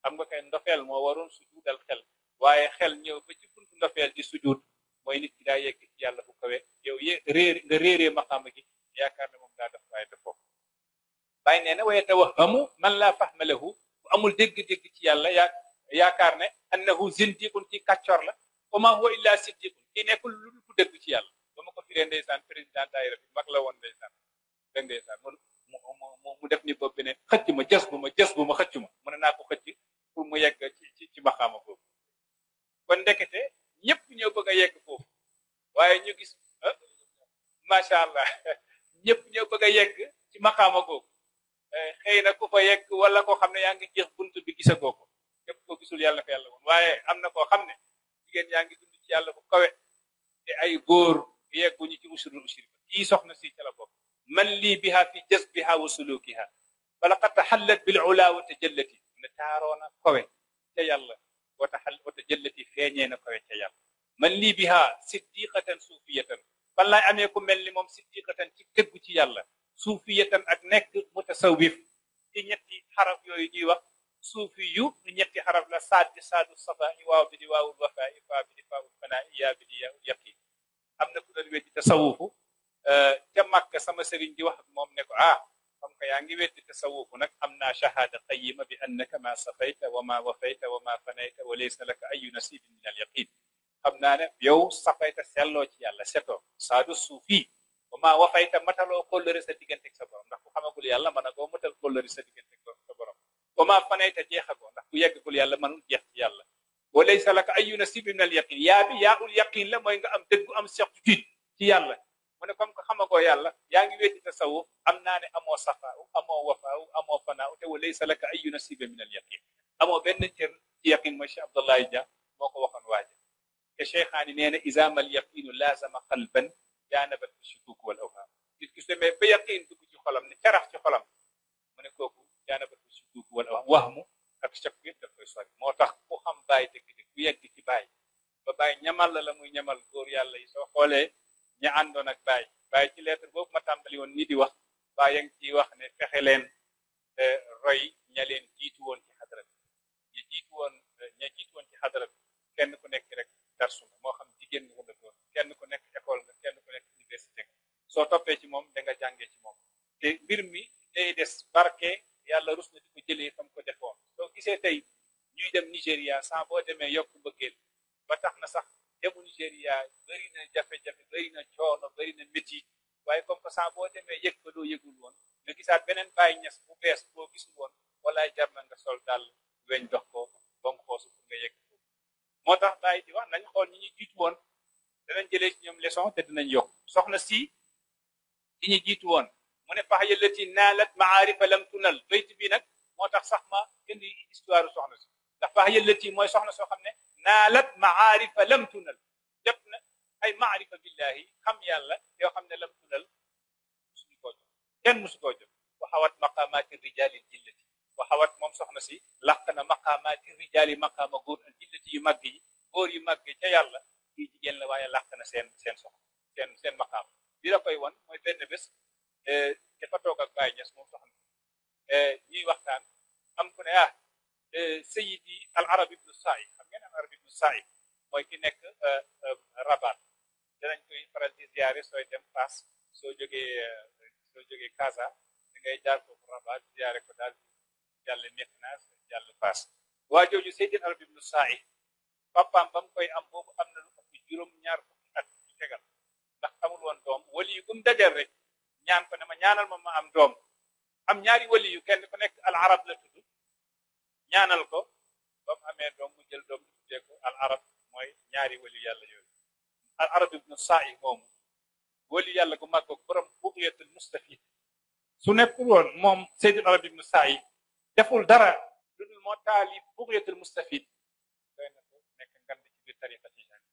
[SPEAKER 1] xam nga kay ndofeel moo warun sujudal xel waaye xel ñëw ba ci buntu ndofeel di sujud mooy nit ki daa yegg ci yàlla bu kawe yow yé réer nga réeree maqaama gi yaakaar ne moom daa def waaye def foofu bàyyi nee na waaye tawahamu man laa fahma lahu bu amul dégg-dégg ci yàlla yaa yaakaar ne annahu zindiqun ci kàccor la wa ma huwa illa siddiqun ki nekkul lu dul ku dégg ci yàlla ba ma ko firee ndeysaan président daayira bi mag la woon ndeysaan dégg ndeysaan mu mu mu def ni bopp bi ne xëcc ma jës bu ma jës bu ma xëcc ma mën naa ko xëcc pour mu yegg ci ci maxaama boobu kon ndekete ñëpp ñoo bëgg a yegg foofu waaye ñu gis ah, macha allah ñëpp ñoo bëgg a yegg ci maxaama googu eh, xëy na ku fa yegg wala koo xam ne yaa ngi jeex bunt bi gisagoo ko képp koo gisul yàlla ko yàlla woon waaye am na koo xam ne jigéen yaa ngi dund ci yàlla bu kawe te ay góor yegguñu ci usrul usri ba kii soxna si ca la bopp man lii biha fi jazbiha wa sulukiha falaqad taxallat bil ula wa tajallati ne taaroona kowe ca yàlla wata hal wata jëllati feeñeena kowe ca yàlla man lii biha siddiqatan suufiyatan fan laay amee ku mel ni moom siddiqatan ci dëggu ci yàlla suufiyatan ak nekk mutasawif ci ñetti xaraf yooyu ñuy wax suufi yu ñetti xaraf la saad bi saadu safa i waaw bi di waawul wafaa i faa bi di faawul fanaa i yaa bi di yaa yaqin am na ku doon weddi tasawufu ca màkk sama sëriñ di wax ak moom ne ko ah قمك يانجي بيت التسوق هناك أمنا شهادة قيمة بأنك ما صفيت وما وفيت وما فنيت وليس لك أي نصيب من اليقين أمنا يو صفيت سلو يلا ستو سادو صوفي وما وفيت متلو كل رسالة ديجنتك سبرم نحن خمقول يلا من أقوم متل كل رسالة ديجنتك سبرم وما فنيت جيخكو نحن يقول يلا من جيخ يلا وليس لك أي نصيب من اليقين يا بي يا اليقين لما ينقى أم تدقو أم سيقفيت يلا mané ne comme que xamagoo yàlla yaa ngi weddi tasawuf am naa ne amo wafa amoo wafaaw amoo fanaaw te wa laysa laka ayu nasiba min al yaqin amo ben cër yaqin ma Cheikh Abdoulaye ja moko ko waxoon waaja sheikhani cheikhaani nee na isama al yaqinu laazama qalban jaanabat shukuk wal awhaam gis gis demee ba yaqin dugg ci xolam ni tarax ci xolam mané koku kooku jaanabat shukuk wal awham wahmu ak chakk yëpp da koy sori motax ku xam baye degg dëgg-dëgg ku yegg ci baye ba baye ñamal la muy ñamal góor yàlla yi so xolé àndoon ak Baye Baye ci lettre boobu ma tàmbali woon nii di wax Baye ngi ciy wax ne fexe leen eh, roy ña leen jiitu woon ci xadara bi ña woon eh, ña woon ci xadara kenn ku nekk rek darsu nga moo xam jigéen nga ko kenn ku nekk école nga kenn ku nekk université nga soo toppee ci moom da nga jàngee ci moom te mbir mi day des barke yàlla rus na di ko jëlee fam ko defoon soo gisee tey ñuy dem Nigéria sans demee yokk bàyyi ñes bu bees boo gisul woon walaay jar na nga sol dàll weñ dox ko ba nga xoosu pour nga yegg moo tax daay di wax nañ xool ñu ñu jiitu woon danañ jëlee ci ñoom leçon te dinañ yokk soxna si ñu jiitu woon mu ne fax yëllati naalat maarifa lam tunal bayt bi nag moo tax sax ma indi histoire soxna si ndax fax yëllati mooy soxna soo xam ne naalat maarifa lam ñaari wali yu kenn ku nekk al arab la tudd ñaanal ko ba mu amee doom mu jël doom tuddee ko al arab mooy ñaari wali yàlla yooyu al arab ibn sa'i moomu wali yàlla gu mag ko borom buqiyatul mustafid su nekkul woon moom seydul arab ibn sa'i deful dara lu dul moo taalif buqiyatul mustafid doy na ko nekk ngan ci biir tariqa tijani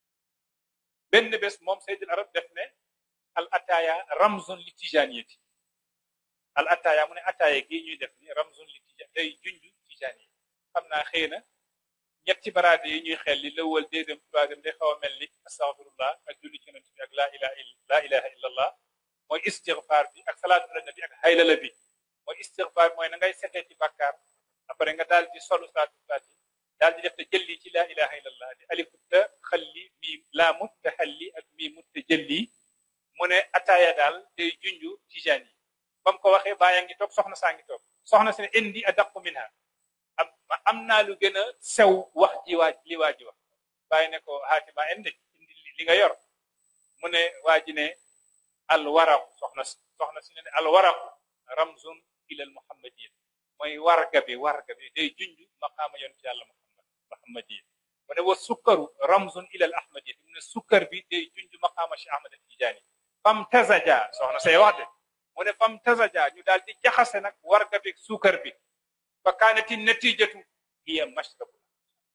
[SPEAKER 1] benn bés moom seydul arab def ne al ataya ramzun li tijaniyati al attaaya mu ne attaaya gi ñuy def ni ramzun li tija day junj tijaan yi xam naa xëy na ñetti baraade yi ñuy xel li lëwal déedéem tubaadem day xaw a mel ni astaghfirullah ak julli ci yonent bi ak laa ilaha laa ilaha illallah mooy istigfaar bi ak salaatu ala nabi ak haylala bi mooy istigfaar mooy na ngay setee ci bàkkaar après nga daal di solu salaatu fati daal di def te jëlli ci laa ilaha illallah di alifu ta xalli miim laamu te xalli ak miimu te jëlli mu ne attaaya daal day junj tijaan yi bam ko waxe baye ngi tok soxna saa ngi toog soxna sene indi adaq minha amna lu gën sew wax ji waj li waj wax baye ne ko xaatima indi indi li nga yor mune waji ne al waraq soxna soxna sene al waraq ramzun ila al muhammadiya moy warga bi warga bi day junj maqama yon ci yàlla muhammad muhammadiya mu wa sukkaru ramzun ila al mu mune sukkar bi day junj maqama shi ahmad al tijani fam tazaja soxna sey wax de mu fam tazaja ñu daal di jaxase nak warga bi sukar bi fa kaanati natijatu hiya mashrabuna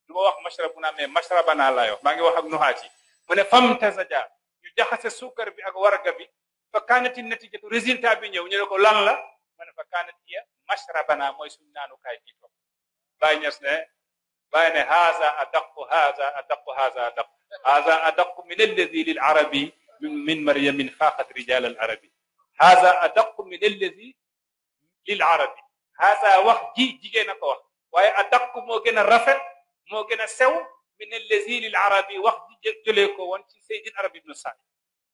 [SPEAKER 1] lu ma wax mashrabuna me mashrabana la yo ma ngi wax ak nuhati mune fam tazaja ñu jaxase sukar bi ak warga bi fa kaanati natijatu résultat bi ñëw ñu ko lan la mune fa kaanati hiya mashrabana mooy suñ kay bi toog bay ñes ne bay ne haza adaqu haza adaqu haza adaqu haza adaqu min alladhi lil arabi min maryam min khaqat rijal al arabi هذا ادق من الذي للعربي هذا وقت جي جينا كو واي ادق مو جينا رافت مو جينا سو من الذي للعربي وقت جي جولي كو وان سي سيدنا عربي بن سعد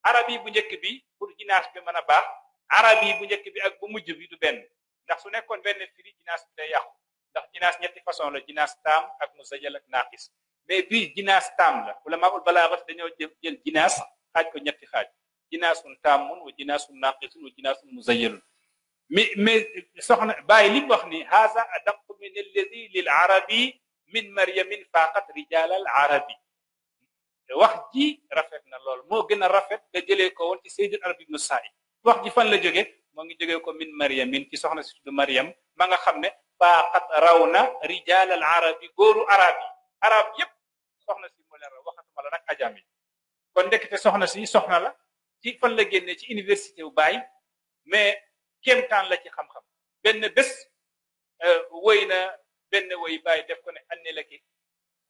[SPEAKER 1] عربي بو نيك بي بور جيناس بي مانا باخ عربي بو نيك بي اك بو موج بي دو بن ndax su nekkon benn firi ginaas bi day yàqu ndax ginaas ñetti façon la ginaas tam ak mu sajal ak naqis mais bii ginaas tam la ulama ul balaa dañoo jël ginaas xaaj ko ñetti xaaj جناس تام وجناس ناقص وجناس مزين مي سخنا باي لي بخني هذا ادق من الذي للعربي من مريم فاقت رجال العربي wax ji rafet na lool moo gën a rafet nga jëlee ko woon ci sayyidul arabi ibnu sa'i wax ji fan la jóge moo ngi jógee ko min mariamin ci soxna si tudd mariam ma nga xam ne faaqat raw na rijal al arabi góoru arab yi arab yépp soxna si moo leen raw waxatuma la nag ajaam yi kon ndekete soxna si soxna la ci fan la génnee ci université bu Baye mais kéemtaan la ci xam-xam benn bés woy na benn woy Baye def ko ne anne la ki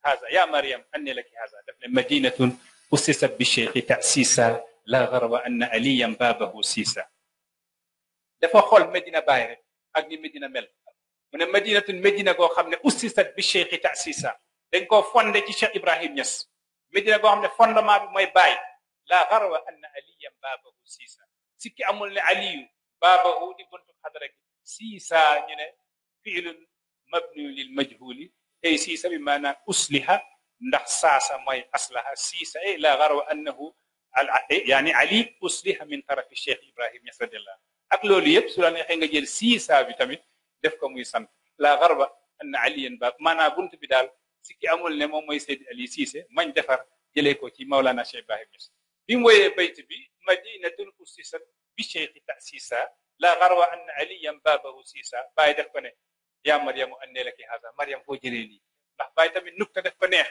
[SPEAKER 1] haza ya mariam anne la ki haza def ne madinatun ussisat bi cheikhi tasisa la garaba anna aliyan baabahu siisa dafa xool Medina Baye rek ak ni Medina mel mu ne madinatun Medina goo xam ne ussisat bi cheikhi tasisa dañ koo fondé ci Cheikh Ibrahim Niass Medina goo xam ne fondement bi mooy Baye la gharwa anna aliyan babahu siisa sikki amul ne aliyu babahu ɗi bontu hadara ki siisa ñine fiilun mabniu lil majhuli ey siisa ɓe mana usliha ndax saasa moy aslaha siisa e la gharwa annahu yani ali usliha min tarafi cheikh ibrahim ñasadillah ak loolu yëpp su la neexee nga jël siisa bi tamit def ko muy sant la gharwa anna aliyan bab maanaa bunt bi daal sikki amul ne moom mooy seydi ali siise mañ defar jëlee ko ci maolana cheikh ibrahim ñas bi mu woyee bayt bi madinatun ussisat bi cheikhi tasisa la xarwa ann aliyan baabahu siisa bàyyi def ko ne yaa mariamu annee laki haza mariam foo jëlee lii ndax bàyyi tamit ta def ko neex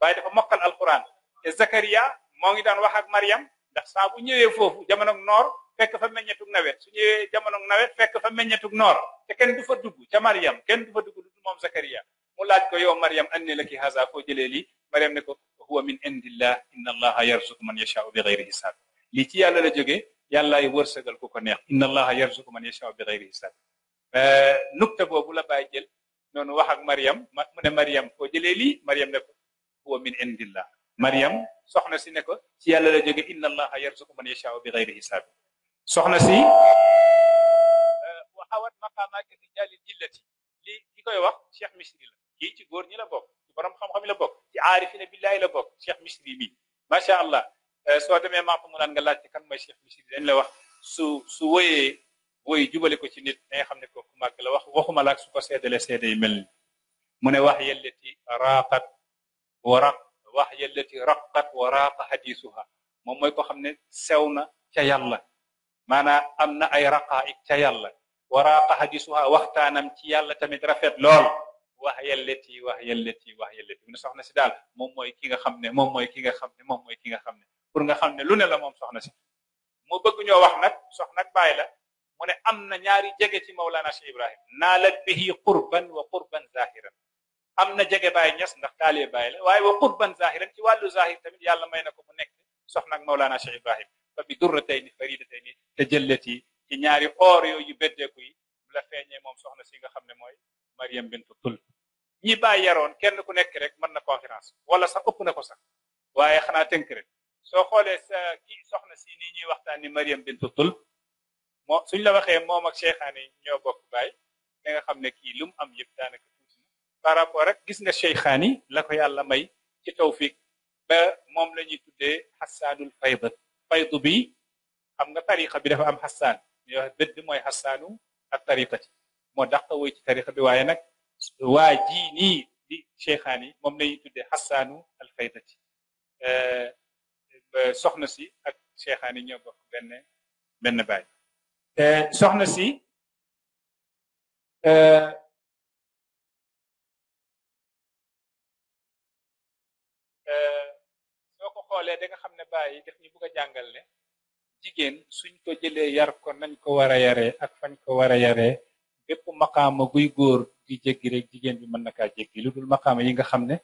[SPEAKER 1] bàyyi dafa mokkal alquran te Zakaria moo ngi daan wax ak mariam ndax saa bu ñëwee foofu jamono noor fekk fa meññetug nawet su ñëwee jamono nawet fekk fa meññetug noor te kenn du fa dugg ca mariam kenn du fa dugg moom Zakaria mu laaj ko yow mariam annee laki haza foo jëlee lii Mariam ne ko huwa min indillah inna allaha yarzuqu man yasha'u bi ghayri hisab li ci yàlla la jógee yàllaay wërsëgal ku ko neex inna allaha yarzuqu man yasha'u bi ghayri hisab nukta boobu la bàyyi jël noonu wax ak Mariam mu ne Mariam koo jëlee lii Mariam ne ko huwa min indillah Mariam soxna si ne ko ci yàlla la jógee inna allaha yarzuqu man yasha'u bi ghayri hisab soxna si wa hawat maqaamaati rijaali illati li ki koy wax Cheikh Misri la kii ci góor ñi la bokk borom xam-xam la bok ci aarifina billahi la bok cheikh misri bi ma sha allah so demé ma fa mu nan nga lacc kan moy cheikh misri dañ la wax su su woyé woy jubale ko ci nit ngay xamné ko ne kooku la wax waxuma lak su ko seedale sédé yi mel ni mu ne wax yelleti raqat wa raq wax yelleti raqat wa raqa hadisuha moom mooy ko xamné sewna sew ca yàlla mana amna ay raqaa ik ca yàlla wa raqa hadisuha waxtaanam ci yàlla tamit rafet lol wax yelleti wax yelleti wax yelleti mu ne soxna si daal moom mooy ki nga xam ne moom mooy ki nga xam ne moom mooy ki nga xam ne pour nga xam ne lu ne la moom soxna si mu bëgg ñoo wax nag soxna ak bàyyi la mu ne am na ñaari jege ci Mawlana Cheikh Ibrahim naalat bihi qurban wa qurban zahiran am na jege Baye Ñas ndax taalee Baye la waaye wa qurban zahiran ci wàllu zahir tamit yàlla may na ko mu nekk soxna ak Mawlana Cheikh Ibrahim fa bi durratayni faridatayni tajallati ci ñaari or yooyu beddeeku yi mu la feeñee moom soxna si nga xam ne mooy Mariam bintu Tul ñi bàyyi yaroon kenn ku nekk rek mën na conférence wala sax ëpp na ko sax waaye xanaa tënk rek soo xoolee sa kii soxna si nii ñuy waxtaan ni Mariam bintu Tul moo suñ la waxee moom ak Cheikhaani ñoo bokk baay da nga xam ne kii lu mu am yëpp daanaka tuuti na par rapport rek gis nga Cheikhaani la ko yàlla may ci tawfiq ba moom la ñuy tuddee xasaanul fayda faydu bi xam nga tariqa bi dafa am xasaan ñuy wax bëdd mooy xasaanu ak tariqa ci moo dàq woy ci tariqa bi waaye nag waji ni di di mom lay tuddé ñuy al xassaanu euh soxna si ak cheikhaani ñoo bokk benn benn euh soxna si euh ko xolé da nga xamné bay yi def ñu bugg jàngal suñ ko jëlé yar ko nañ ko wara yaré ak fañ ko wara yaré bepp maqama guy kii jéggi rek jigéen bi mën na kaa jéggi lu dul maqaama yi nga xam ne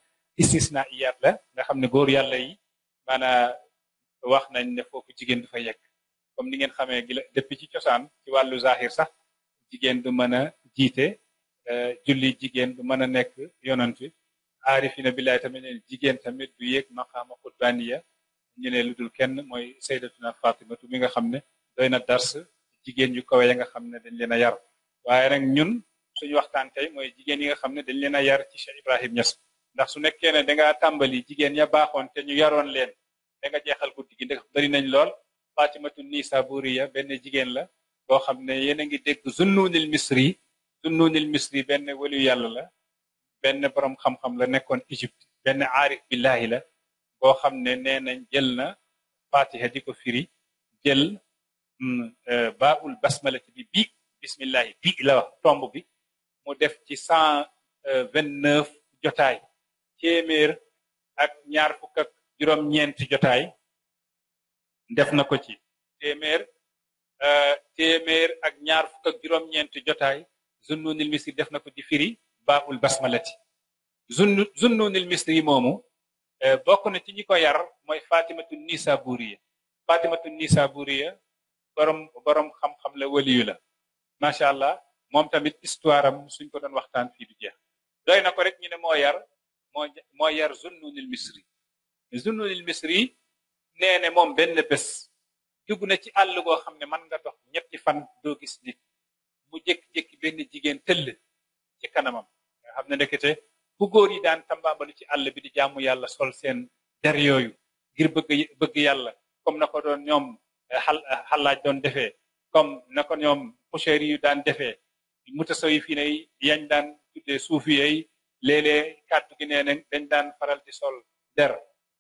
[SPEAKER 1] istisna iyaat la nga xam ne góor yàlla yi maanaam wax nañ ne foofu jigéen du fa yekk comme ni ngeen xamee gi la ci cosaan ci wàllu zahir sax jigéen du mën a jiite euh, julli jigéen du mën a nekk yonant bi aarifina billahi tamit ne jigéen tamit du yéeg maqaama xutbaaniya ñu ne lu dul kenn mooy saydatuna fatimatu mi nga xam ne doy na dars jigéen yu kawe ya nga xam ne dañ leen a yar waaye nag ñun suñu waxtaan tey mooy jigéen yi nga xam ne dañ leen a yar ci Cheikh Ibrahim Niass ndax su nekkee ne danga tàmbali jigéen ya baaxoon te ñu yaroon leen danga jeexal guddi gi ndax bëri nañ lool Fatimatu Nisaburiya benn jigéen la boo xam ne yéen a ngi dégg Zunnunil Misri Zunnunil Misri benn wëlu yàlla la benn borom xam-xam la nekkoon Égypte benn aarif billahi la boo xam ne nee nañ jël na fatiha di ko firi jël mm, eh, baul basmala bi bii bismillahi bii la tomb bi mu def ci cent vingt neuf jotaay téeméer ak ñaar fukk ak juróom-ñeenti jotaay def na ko ci téeméer téeméer ak ñaar fukk ak juróom-ñeenti jotaay zunnunil misri def na ko ci firi baaul basmalati zunnu zunnunil misri moomu bokk na ci ñi ko yar mooy fatimatu nisa buriya fatimatu nisa buriya borom borom xam-xam la waliyu la macha allah moom tamit histoire am suñ ko doon waxtaan fii du jeex doy na ko rek ñu ne moo yar moo moo yar zunnunil misri zunnunil misri nee ne moom benn bés dugg na ci àll goo xam ne mën nga dox ñetti fan doo gis nit mu jékki-jékki benn jigéen tëll ci kanamam nga xam ne ndekete góor yi daan tambaabalu ci àll bi di jaamu yàlla sol seen der yooyu ngir bëgg bëgg yàlla comme na doon ñoom eh, xal eh, xalaaj doon defee comme na ko ñoom xuseer daan defee mutasawifine yi yañ daan tuddee suufiye yi léeg-léeg kàddu gi nee nañ dañ daan faral di sol der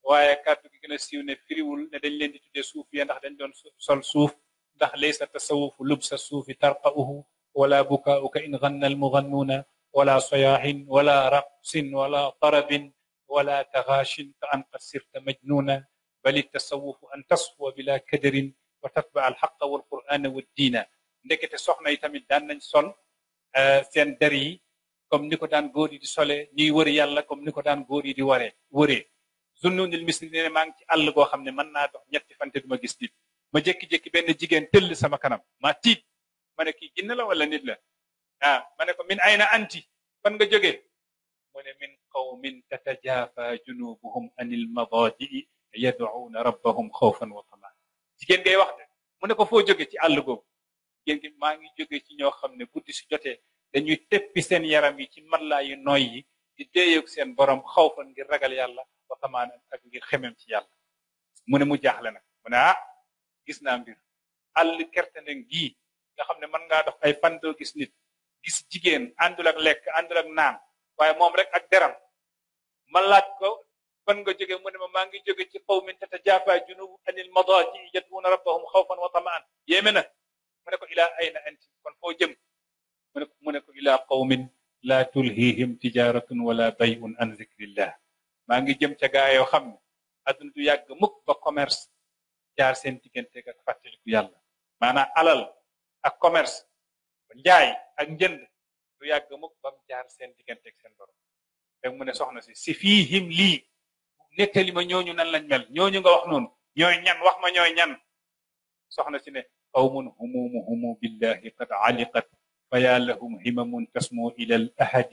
[SPEAKER 1] waaye kàddu gi gën a siiw ne firiwul ne dañ leen di tuddee suufiye ndax dañ doon sol suuf ndax laysa tasawufu lubsa suufi tarqa'uhu wala bukaa'uka in ganna almugannuuna wala sayaahin wala raqsin wala tarabin wala taxaashin ka an qad sirta majnuuna bal tasawufu an tasfuwa bila kadarin wa tatbaa alxaqa walqur'aana waddiina ndekete soxna yi tamit daan nañ sol seen der yi comme ni ko daan góor yi di sole ñuy wëri yàlla comme ni ko daan góor yi di waree wëree zunnunil misri ne maa ngi ci àll goo xam ne mën naa dox ñetti fante du ma gis nit ma jékki-jékki benn jigéen tëll sama kanam ma tiit ma ne kii jinne la wala nit la ah ma ne ko min ayna anti fan nga jógee mu ne min qawmin tatajafa junubuhum anil madajii yad'uuna rabbahum xawfan wa tamaan jigéen ngay wax de mu ne ko foo jóge ci àll googu jégi maa ngi jóge ci ñoo xam ne guddi su jotee dañuy teppi seen yaram yi ci matelas yu nooy yi di déeyeeg seen boroom xaw fan ngir ragal yàlla wa ak ngir xemem ci yàlla mu ne mu jaaxle nag mu ne ah gis naa mbir àll kertene gii nga xam ne mën ngaa dox ay fan doo gis nit gis jigéen àndul lekk àndul ak naan waaye moom rek ak deram ma laaj ko fan nga jóge mu ne ma maa ngi jóge ci qawmin tatajaafaa junubu anil madaaji yad'uuna rabbahum xawfan wa na muneko ila ayna anti kon foo jëm muneko muneko ila qaumin la tulhihim tijaratun wala bayun an zikrillah ma ngi jëm ca gaay yo xam ne du yag mukk ba commerce jaar sen ak ku yalla mana alal ak commerce njaay ak njënd du yag mukk ba jaar sen seen ak seen borom rek mu ne soxna si si fihim li nettali ma ñooñu nan lañ mel ñooñu nga wax noonu ñooy ñan wax ma ñooy ñan soxna ci ne قوم همومهم بالله قد علقت فيا لهم همم تسمو الى الاحد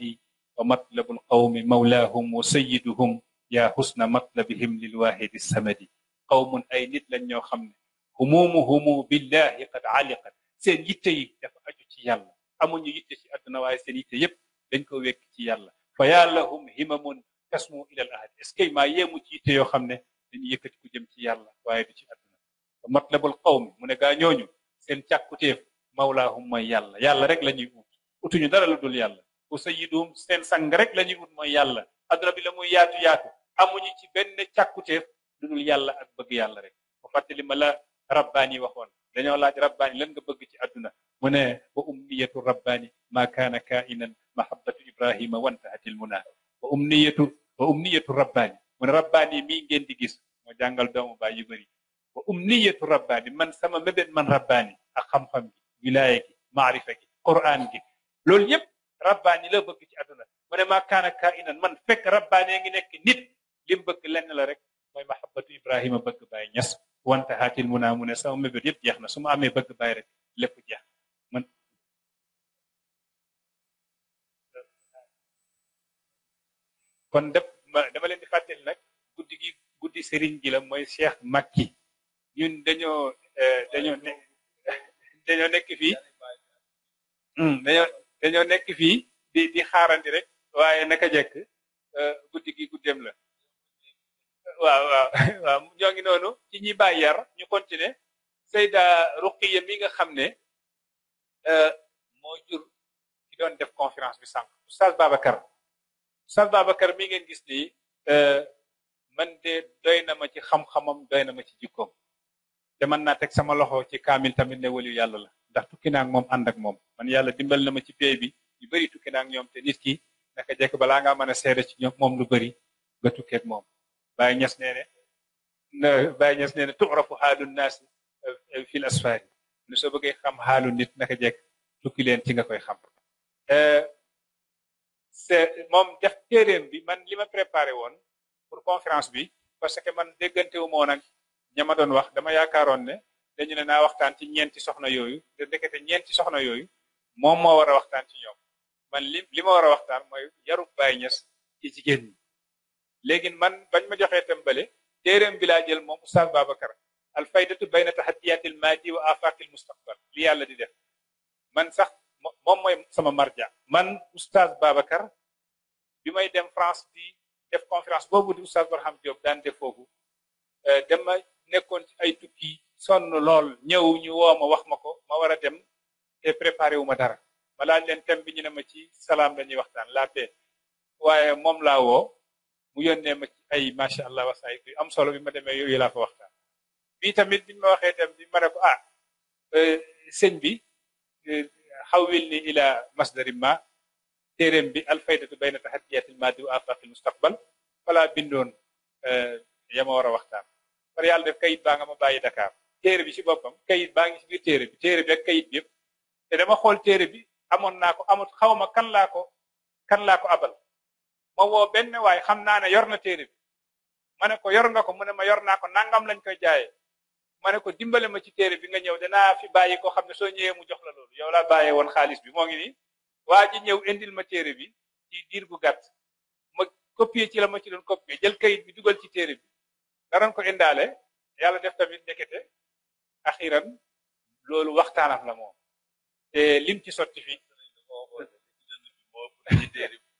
[SPEAKER 1] ومطلب القوم مولاهم وسيدهم يا حسن مطلبهم للواحد السمد قوم اي نيت لا نيو خامني همومهم بالله قد علقت سين يتي دا اجو سي يالا امو ني يتي سي ادنا واي سين يتي ييب دنجكو ويك سي يالا فيا لهم همم تسمو الى الاحد اسكي ما يمو سي يتي يو خامني ييكتي كو جيم سي يالا واي دي سي ادنا matlabul qawmi mu ne gaa ñooñu seen càkkutéef mawlaahum mooy yàlla yàlla rek la ñuy ut utuñu dara lu dul yàlla usayidum seen sang rek la ñuy ut mooy yàlla adduna bi la muy yaatu yaatu amuñu ci benn càkkutéef lu dul yàlla ak bëgg yàlla rek bu fàttali ma la rabbaani waxoon dañoo laaj rabbaani lan ga bëgg ci adduna mu ne wa umniyatu rabbaani maa kaana kaainan mahabbatu ibrahima wantahatil muna wa umniyatu wa umniyatu rabbaani mu ne rabbaani di gis moo jàngal doomu baay yu bëri wa umniyatu rabbaani man sama mébét man rabbaani ak xam-xam gi wilaaya gi maarifa gi quraan gi loolu yépp rabbaani la bëgg ci àdduna mu ne maa kaana kainan man fekk rabbaani gi nekk nit li mu bëgg lenn la rek mooy mahabbatu ibrahima bëgg baay ñas wante haatil mu naa mu ne sama mébét yépp jeex na su ma amee bëgg baay rek lépp jeex man kon def dama leen di fàttali nag guddi gi guddi sëriñ gi la mooy cheikh makki ñun dañoo eh, dañoo ne nekk fii hmm, dañoo nekk fii di di xaarandi rek waaye naka jekk eh, guddi gi guddeem la waaw waaw waaw ñoo ngi noonu ci ñi bàyyi yar ñu continuer Seyda Ruqiya mi nga xam ne eh, moo jur ki doon def conférence bi sànq Oustaz Babacar Oustaz Babacar mi ngeen gis nii man de doy na ma ci xam-xamam doy na ma ci jikkoom te man naa teg sama loxo ci kaamil tamit ne waliyu yàlla la ndax tukki naa ak moom ànd ak moom man yàlla dimbal na ma ci pay bi yu bari tukki naa ak ñoom te nit ki naka jekk balaa ngaa mën a seede ci ñoom moom lu bari nga tukkeeg moom bàyyi ñes nee ne na bàyyi ñes nee ne tuurafu xaalu naas eh, fi l asfaari ne soo bëggee xam xaalu nit naka jekk tukki leen ci nga koy xam eh, moom def téeréem bi man lima ma préparé woon pour conférence bi parce que man déggante wu moo nag ña ma doon wax dama yaakaaroon ne ñu ne naa waxtaan ci ñeenti soxna yooyu te ndekete ñeenti soxna yooyu moom moo war a waxtaan ci ñoom man li li ma war a waxtaan mooy yarub Baay Ñas ci jigéen ñi léegi man bañ ma joxee tàmbale téeréem bi laa jël moom Oustaz Babacar alfaydatu bayna taxadiyaatil maadi wa afaqil mustaqbal li yàlla di def man sax moom mooy sama marja man Oustaz Babacar bi may dem France di def conférence boobu di Oustaz Barham Diop daan def foofu euh, dem nekkoon ci ay tukki sonn lool ñëw ñu woo ma wax ma ko ma war a dem te préparé wu ma dara ma laaj leen thème bi ñu ne ma ci salaam la ñuy waxtaan la paix waaye moom laa woo mu yónnee ma ci ay macha allah wasaay bi am solo bi ma demee yooyu laa fa waxtaan bii tamit bi ma waxee thème bi ma ne ko ah euh, sëñ bi xawwil euh, ni ila masdari ma téeréem bi alfaydatu bayna taxadiyatil maadi wa afaqil mustaqbal falaa bindoon euh, yama war a waxtaan par yàlla def kayit baa nga ma bàyyi Dakar téere bi ci boppam kayit baa ngi ci biir téere bi téere bi ak kayit bi yëpp te dama xool téere bi amoon naa ko amut xaw ma kan laa ko kan laa ko abal ma woo benn waay xam naa ne yor na téere bi ma ne ko yor nga ko mu ne ma yor naa ko nangam lañ koy jaayee ma ne ko dimbale ma ci téere bi nga ñëw danaa fi bàyyi koo xam ne soo ñëwee mu jox la loolu yow laa bàyyee woon xaalis bi moo ngi nii waa ji ñëw indil ma téere bi ci diir bu gàtt ma copier ci la ma ci doon copier jël kayit bi dugal ci téere bi danañ ko indaale yàlla def tamit ndekete axiran loolu waxtaanam la moom te lim ci sotti fii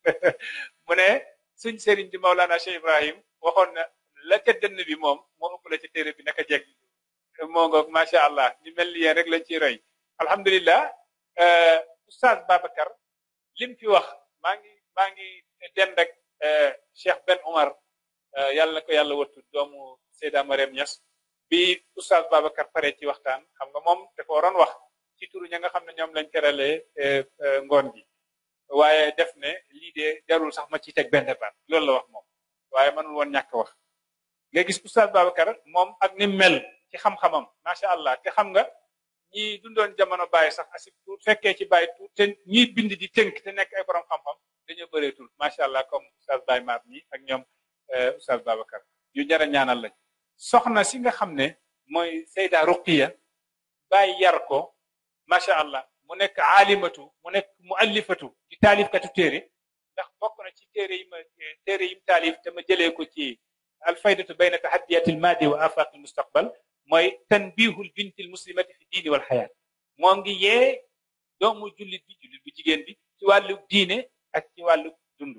[SPEAKER 1] mu ne suñ sëriñ di Maulana Cheikh Ibrahim waxoon na la ca dënn bi moom moo ëpp la ca téere bi naka jekk moo macha allah ñu mel ni rek lañ ciy roy alhamdulilah euh, oustaz Babacar lim fi wax maa ngi maa ngi den rek euh, Cheikh Ben Omar Euh, yàlla ko yàlla wattu doomu Seyda Mariam ñas bi oustaz Babacar pare ci waxtaan xam nga moom te ko wax ci turu ña nga xam ne ñoom lañ teralee euh, euh, ngoon gi waaye def ne lii jarul sax ma ciy teg benn baat loolu la wax moom waaye mënul woon ñàkk wax nga gis oustaz Babacar moom ak ni mel ci xam-xamam macha allah te xam nga ñi dundoon jamono bàyyi sax asib tuut fekkee ci bàyyi tuut te ñi bind di tënk te nekk ay borom xam-xam dañoo bareetul macha allah comme oustaz Baye ak ñoom Oustaz Babacar yu jar a ñaanal lañ soxna si nga xam ne mooy Seyda Ruqiya bàyyi yar ko macha allah mu nekk aalimatu mu nekk muallifatu di taalifkatu téere ndax bokk na ci téere yi ma téere yi mu taalif dama jëlee ko ci alfaydatu bayna tahaddiyati almaadi wa afaqi almustaqbal mooy tanbihu lbinti almuslimati fi diini walxayaat moo ngi yee doomu jullit bi jullit bu jigéen bi ci wàllu diine ak ci wàllu dund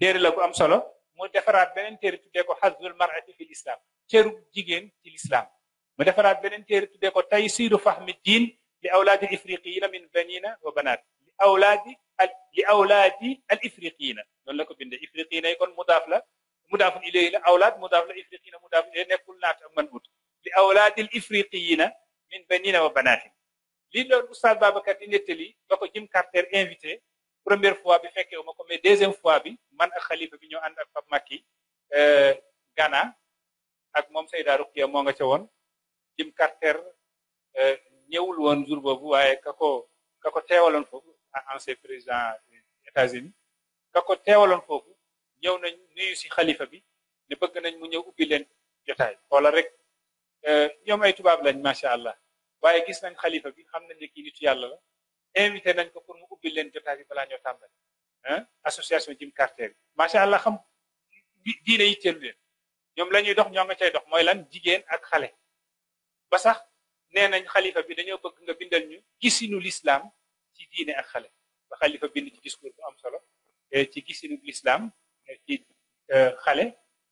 [SPEAKER 1] téere la ko am solo mu defaraat beneen téere tuddee ko xazul marati fi lislaam cërub jigéen ci lislaam mu defaraat beneen téere tuddee ko taysiru fahmi diin li awlaadi al ifriqiyina min banina wa banaat li awlaadi al li awlaadi al ifriqiyina loolu la ko bindee ifriqiyina yi kon mudaaf la mudaafun ilayhi la awlaad mudaaf la ifriqiyina mudaaf ilayhi nekkul naat ak man ut li awlaadi al ifriqiyina min banina wa banaatin lii loolu oustaz Babacar di nettali ba ko Jim Carter invité première fois bi fekkee wu ma ko mais deuxième fois bi man ak xalifa bi ñoo ànd ak Pape Macky euh, Ghana ak moom Seyda Rukiya moo nga ca woon Jim euh, ñëwul woon jour boobu waaye ka ko ka ko a foofu ancien président États-Unis ka ko teewaloon foofu ñëw nañ nuyu si xalifa bi ne bëgg nañ mu ñëw ubbi leen jotaay xoola rek euh, ñoom ay tubaab lañ macha allah waaye gis nañ xalifa bi xam nañ ne kii nitu yàlla la invité nañ ko pour mu ubbi leen jotaay yi balaa ñoo tàmbali association Jim Carter bi macha allah xam diine yitteelu leen ñoom la ñuy dox ñoo nga cay dox mooy lan jigéen ak xale ba sax nee nañ xalifa bi dañoo bëgg nga bindal ñu gisinu lislaam ci diine ak xale ba xalifa bind ci discours bu am solo eh, ci gisinu lislaam eh, ci eh, xale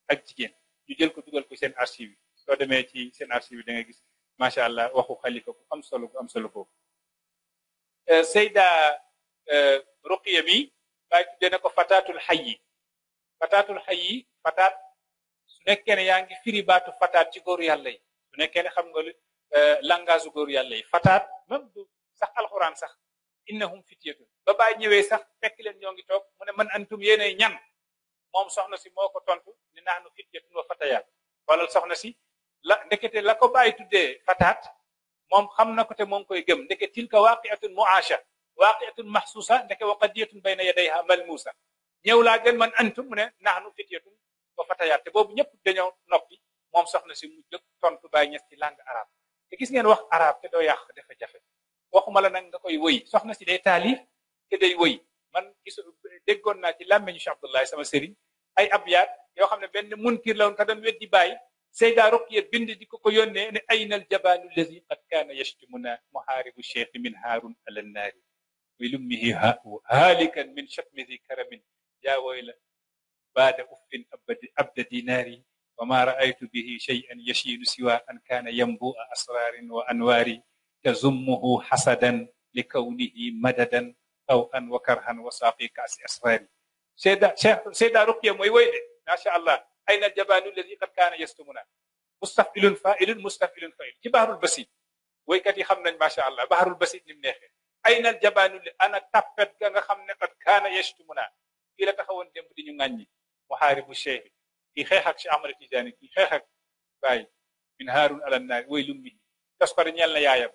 [SPEAKER 1] ak jigéen ñu jël ko dugal ko seen archive soo demee ci seen archive yi gis macha allah waxu xalifa bu am solo bu am solo ko Eh, Seyda eh, Ruqiya mi baay tuddee na ko fataatul xayyi fataatul xayyi fataat su nekkee ne yaa ngi firi baatu fataat ci góoru yàlla yi su nekkee ne xam nga eh, langage góoru yàlla yi fataat sax alxuraan sax innahum fityatun ba baay ñëwee sax fekk leen ñoo ngi toog man antum yéenay ñan moom soxna si moo ko tontu ne naanu fityatun wa fatayaat wala soxna si la ndekete la ko baay tuddee fataat moom xam na ko te moo ngi koy gëm ndeke tilka waaqiatun muaasha waaqiatun mahsuusa ndeke wa qadiyatun bayna yadayha malmuusa ñëw laa gën man antum mu ne nahnu fityatun wa fatayaat te boobu ñëpp dañoo noppi moom soxna si mu jóg tontu bàyyi ñes ci langue arabe te gis ngeen wax arabe te doo yàq dafa jafe waxuma la nag nga koy wëy soxna si day taalif te day wëy man gis déggoon naa ci làmmeñu Cheikh Abdoulaye sama sëriñ ay abyaat yoo xam ne benn munkir la woon ka doon weddi bàyyi سيدة رقية بند دي كوكو يوني أين الجبال الذي قد كان يشتمنا محارب الشيخ من هارون على النار ولمه هالكا من شتم ذي كرم يا ويل بعد أف أبد ديناري وما رأيت به شيئا يشين سوى أن كان ينبوء أسرار وأنوار تزمه حسدا لكونه مددا أو أن وكرها وساقي كأس أسرار سيدة, سيدة رقية مويويلة ما شاء الله أين الجبان الذي قد كان يستمنا مستفعل فاعل مستفعل فاعل ci baharul basit waykat yi xam nañ macha allah baharul basit ni mu neexee ay nal jabaanu li ana tappet ga nga xam ne qad kaana yashtumuna kii la taxawoon démb di ñu ŋàññi muhaaribu cheikh kii xeex ak si amara tijaani kii xeex ak bàyyi min haarun ala naar way lum bi tas ko ñeel na yaayam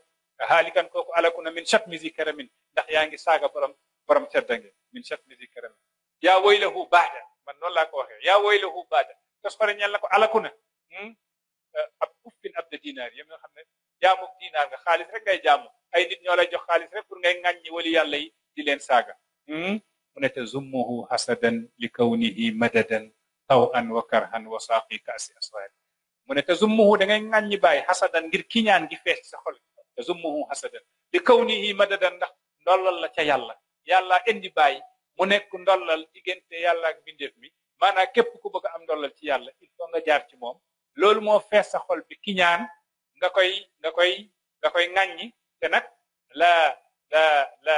[SPEAKER 1] haalikan kooku alakuna min chatmi zi karamin ndax yaa ngi saaga borom borom teddange min chatmi zi karamin yaa waylahu baada man noonu laa ko waxee yaa waylahu baada toskore ñel na ko alaku na hmm? eh, ab nga xam ne jaamu dinaar xaalis rek ngay jaamu ay nit ñoo jox xaalis rek pour ngay ŋàññi wali yàlla yi di leen saaga hmm? mu ne te zummuhu hasadan li kawnihi madadan taw an wa karhan wa saaqi kaasi aswaar mu ne te zummuhu da ngay ŋàññi bàyyi hasadan ngir kiñaan gi fees sa xol te zummuhu hasadan li kawnihi madadan ndax ndollal la ca yàlla yàlla indi bàyyi mu nekk ndollal diggante yàlla ak bindeef mi maanaam képp ku bëgg am ndollal ci yàlla il faut nga jaar ci moom loolu moo fees sa xol bi kiñaan nga koy nga koy nga koy ŋàññi te nag la la la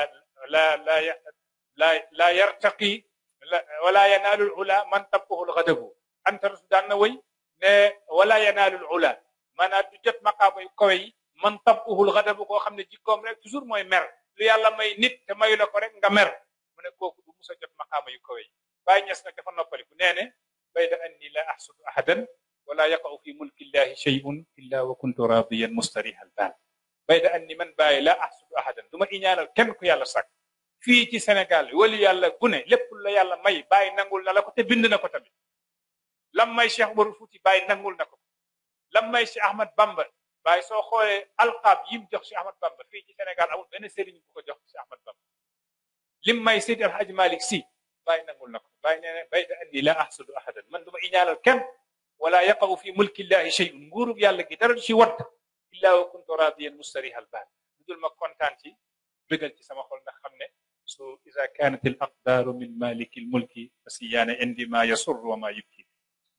[SPEAKER 1] la la la la yartaqi wala yanaalul ula man tabkuhul xadabu anta rasul daan na wëy ne wala yanaalul ula maanaam du jot maqaama yu kawe yi man tabkuhul xadabu koo xam ne jikkoom rek toujours mooy mer lu yàlla may nit te mayu la ko rek nga mer mu ne kooku du mus a jot maqaama yu yi باينس نك فا نوبالي كو نينه بيد اني لا احسد احدا ولا يقع في ملك الله شيء الا وكنت راضيا مستريح البال بيد اني من باي لا احسد احدا دوما اينال كين كو يالا ساك في تي سنغال ولي يالا غوني لب لا يالا ماي باي نانغول نالا كو تي بيند نكو تامي لام ماي شيخ عمر فوتي باي نانغول نكو لام ماي شيخ احمد بامبا باي سو خوي القاب يم جوخ شيخ احمد بامبا في تي سنغال امول بن سيرين كو جوخ شيخ احمد بامبا لم ماي سيدي الحاج مالك سي باين نقول لكم باين بيت اني لا احسد احدا من دم انال الكم ولا يقع في ملك الله شيء غورب يالا كي دار شي ورد الا وكنت راضيا مستريح البال بدون ما كونتان سي بغل سما خول خمنه سو اذا كانت الاقدار من مالك الملك فسيانا عندي ما يسر وما يبكي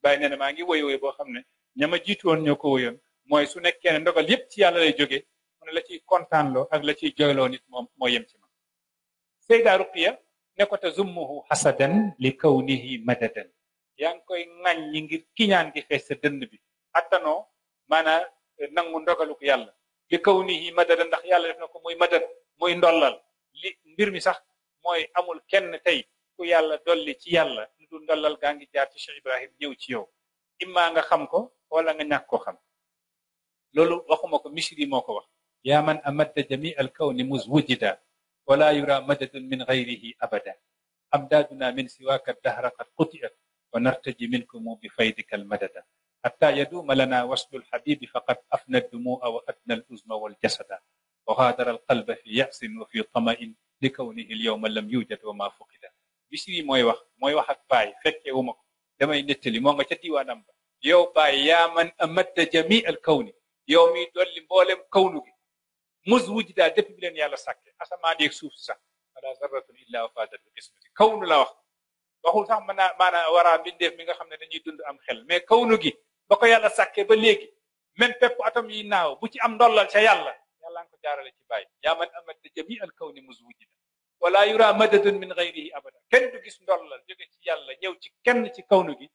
[SPEAKER 1] باين انا ماغي وي وي بو خمنه ñama jiituwoon نيوكو ويون موي سو su ندوغال ييب تي yépp ci جوغي lay لا تي كونتان لو اك لا تي la نيت joyloo nit moom moo yem ci man ne ko tazummuhu hasadan li kawnihi madadan yaa ngi koy ŋañ ñi ngir kiñaan gi fees sa dënn bi attanoo maanaa eh, nangu ndogalu ko yàlla li kawnihi madadan ndax yàlla def ko muy madad muy ndollal li mbir mi sax mooy amul kenn tey ku yàlla dolli ci yàlla lu dul ndollal ngi jaar ci Cheikh Ibrahim ñëw ci yow imma nga xam ko wala nga ñàkk koo xam loolu waxuma ko misri moo ko wax yaa man amadda jami al kawni muzwujida ولا يرى مدد من غيره أبدا أمدادنا من سواك الدهر قد قطعت ونرتجي منكم بفيضك المدد حتى يدوم لنا وصل الحبيب فقد أفنى الدموع وأدنى الأزم والجسد وغادر القلب في يأس وفي طمأ لكونه اليوم لم يوجد وما فقد بشري موي wax موي wax باي baay fekkee wu نتلي موغا damay nettali moo باي يا من أمد جميع الكون يومي دولي amatta كونك mus wujji daal depuis bi leen yàlla sàkke asamaan yeeg suuf sax wala zarratun illa wafadat bi qismati kawnu la wax waxul sax mën naa maanaam waraa mbindeef mi nga xam ne dañuy dund am xel mais kawnu gi ba ko yàlla sàkke ba léegi même pepp atom yi naaw bu ci am ndollal ca yàlla yàlla nga ko jaarale ci bàyyi yaa man amadda jami al kawni mus wujji da wala yura madadun min gayrihi abada kenn du gis ndollal jóge ci yàlla ñëw ci kenn ci kawnu gi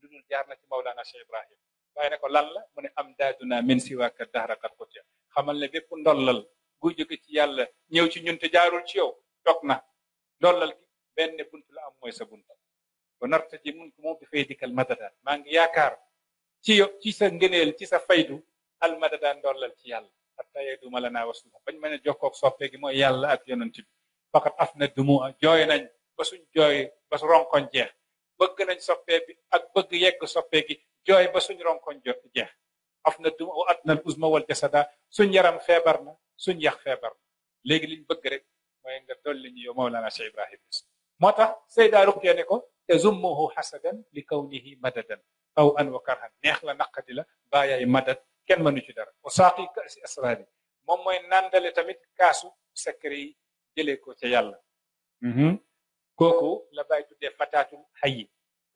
[SPEAKER 1] lu dul jaar na ci Mawlana Cheikh Ibrahim waaye ne ko lan la mu ne am daaduna min siwaaka dahra qad qutia xamal ne bépp ndollal gu jóge ci yàlla ñëw ci ñun jaarul ci yow dog na ndollal gi benn bunt la am mooy sa bunta ba narta ji mun ko moom bi fay dikkal madadaan maa ngi yaakaar ci yow ci sa ngëneel ci sa faydu al madadaan ndollal ci yàlla xatta yey duma la naa wasula bañ mën a jokkoog soppe gi mooy yàlla ak yonent bi faqat af na dumua jooy nañ ba suñ jooy ba su ronkoñ jeex bëgg nañ soppe bi ak bëgg yegg soppe gi jooy ba suñ ronkoñ jeex afna duma wa atna al uzma wal jasada suñ yaram feebar na suñ yax feebar na léegi liñ bëgg rek mooy nga dolli ñu yow Mawlana Cheikh Ibrahim Niass moo tax Seyda Ruqya ne ko tazummuhu hasadan li kawnihi madadan aw an wa karhan neex la naqadi la baayaay madad kenn mënu ci dara wa saaqi kaasi asraari moom mooy nandale tamit kaasu secret yi ko ca yàlla mhm. kooku la bàyyi tuddee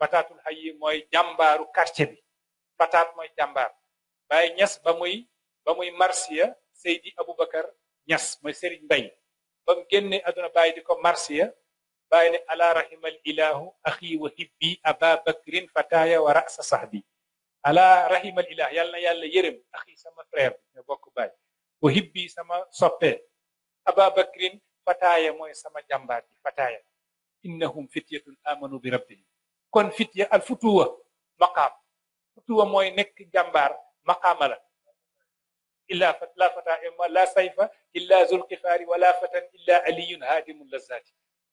[SPEAKER 1] fataatul hayyi mooy jàmbaaru quartier bi fataat mooy jàmbaar Baye Niass ba muy ba muy marsiya Seydi Aboubacar Niass mooy Serigne mbay ba mu génnee àdduna Baye di ko marsiya Baye ne ala rahimal ilahu axi wa hibbi aba bakrin fataya wa rasa sahbi ala rahimal ilah yàlla na yàlla yërëm axi sama frère bi ñu bokk Baye wa hibbi sama soppe aba bakrin fataya mooy sama jàmbaar ji fataaya innahum fityatun amanu bi rabbihim kon fitya al futuwa maqam futuwa mooy nekk jàmbaar مقامرا إلا فت لا فتى إما لا سيف إلا ذو القفار ولا فتى إلا علي هادم اللذات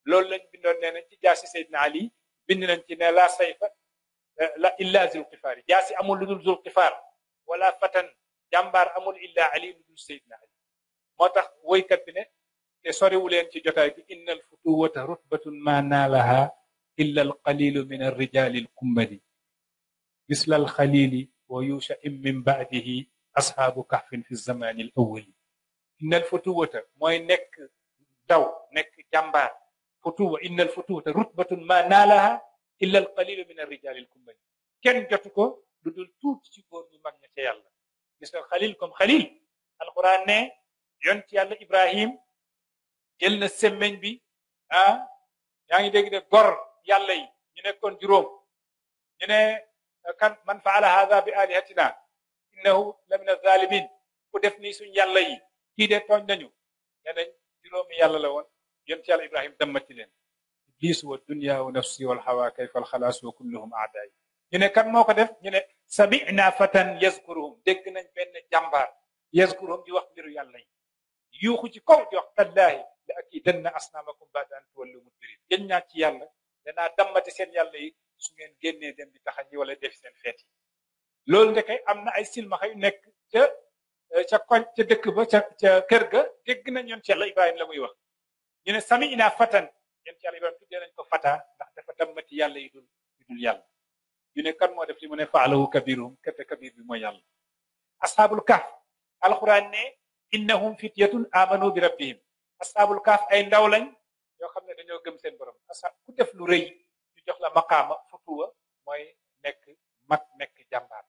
[SPEAKER 1] لول لن بنون نانتي جاسي سيدنا علي بن نانتي لا سيف إلا ذو القفار جاسي أمول ذو القفار ولا فتى جمبار أمول إلا علي بن سيدنا علي موتاخ وي كات بن سوري ولين سي ان الفتوه رتبه ما نالها الا القليل من الرجال الكمدي مثل الخليل ويوشا من بعده أصحاب كهف في الزمان الأول إن الفتوة موي نك دو نك جنبا فتوة إن الفتوة رتبة ما نالها إلا القليل من الرجال الكمل كن جاتوكو دودول توت سي بور ني ماغنا تي يالا مثل خليلكم خليل القران ني يونت يالا ابراهيم جيلنا سيمن بي ها ياغي ديغ دي غور يالا ني نيكون جروم ني كان من فعل هذا بآلهتنا إنه لمن الظالمين ودفني سن يالله كي دي توني نيو يعني جلوم يالله لون ينت يال إبراهيم دمت لين إبليس والدنيا ونفسي والحوا كيف الخلاص وكلهم أعدائي يعني كان موقع دف يعني سمعنا فتى يذكرهم دقنا بين جنبار يذكرهم جو وقت جلو يالله يوخي كو جو وقت الله لأكيدن أصنامكم بعد أن تولوا مدبرين ينا تيال لنا دمت سن يالله su ngeen génnee dem di taxañ yi wala def seen feet yi loolu nde kay am na ay silmaxa yu nekk ca ca koñ ca dëkk ba ca ca kër ga dégg nañ yoon ci yàlla ibrahim la muy wax ñu ne sami ina fatan yoon ci yàlla ibrahim tuddee nañ ko fata ndax dafa dammati yàlla yu dul yu dul yàlla ñu ne kan moo def li mu ne faalawu kabirum kete kabir bi mooy yàlla ashaabul kahf alquran ne innahum fityatun amanu bi rabbihim ashaabul kahf ay ndaw lañ yoo xam ne dañoo gëm seen borom asa ku def lu rëy jox la maqaama futuwa mooy nekk mag nekk jàmbaar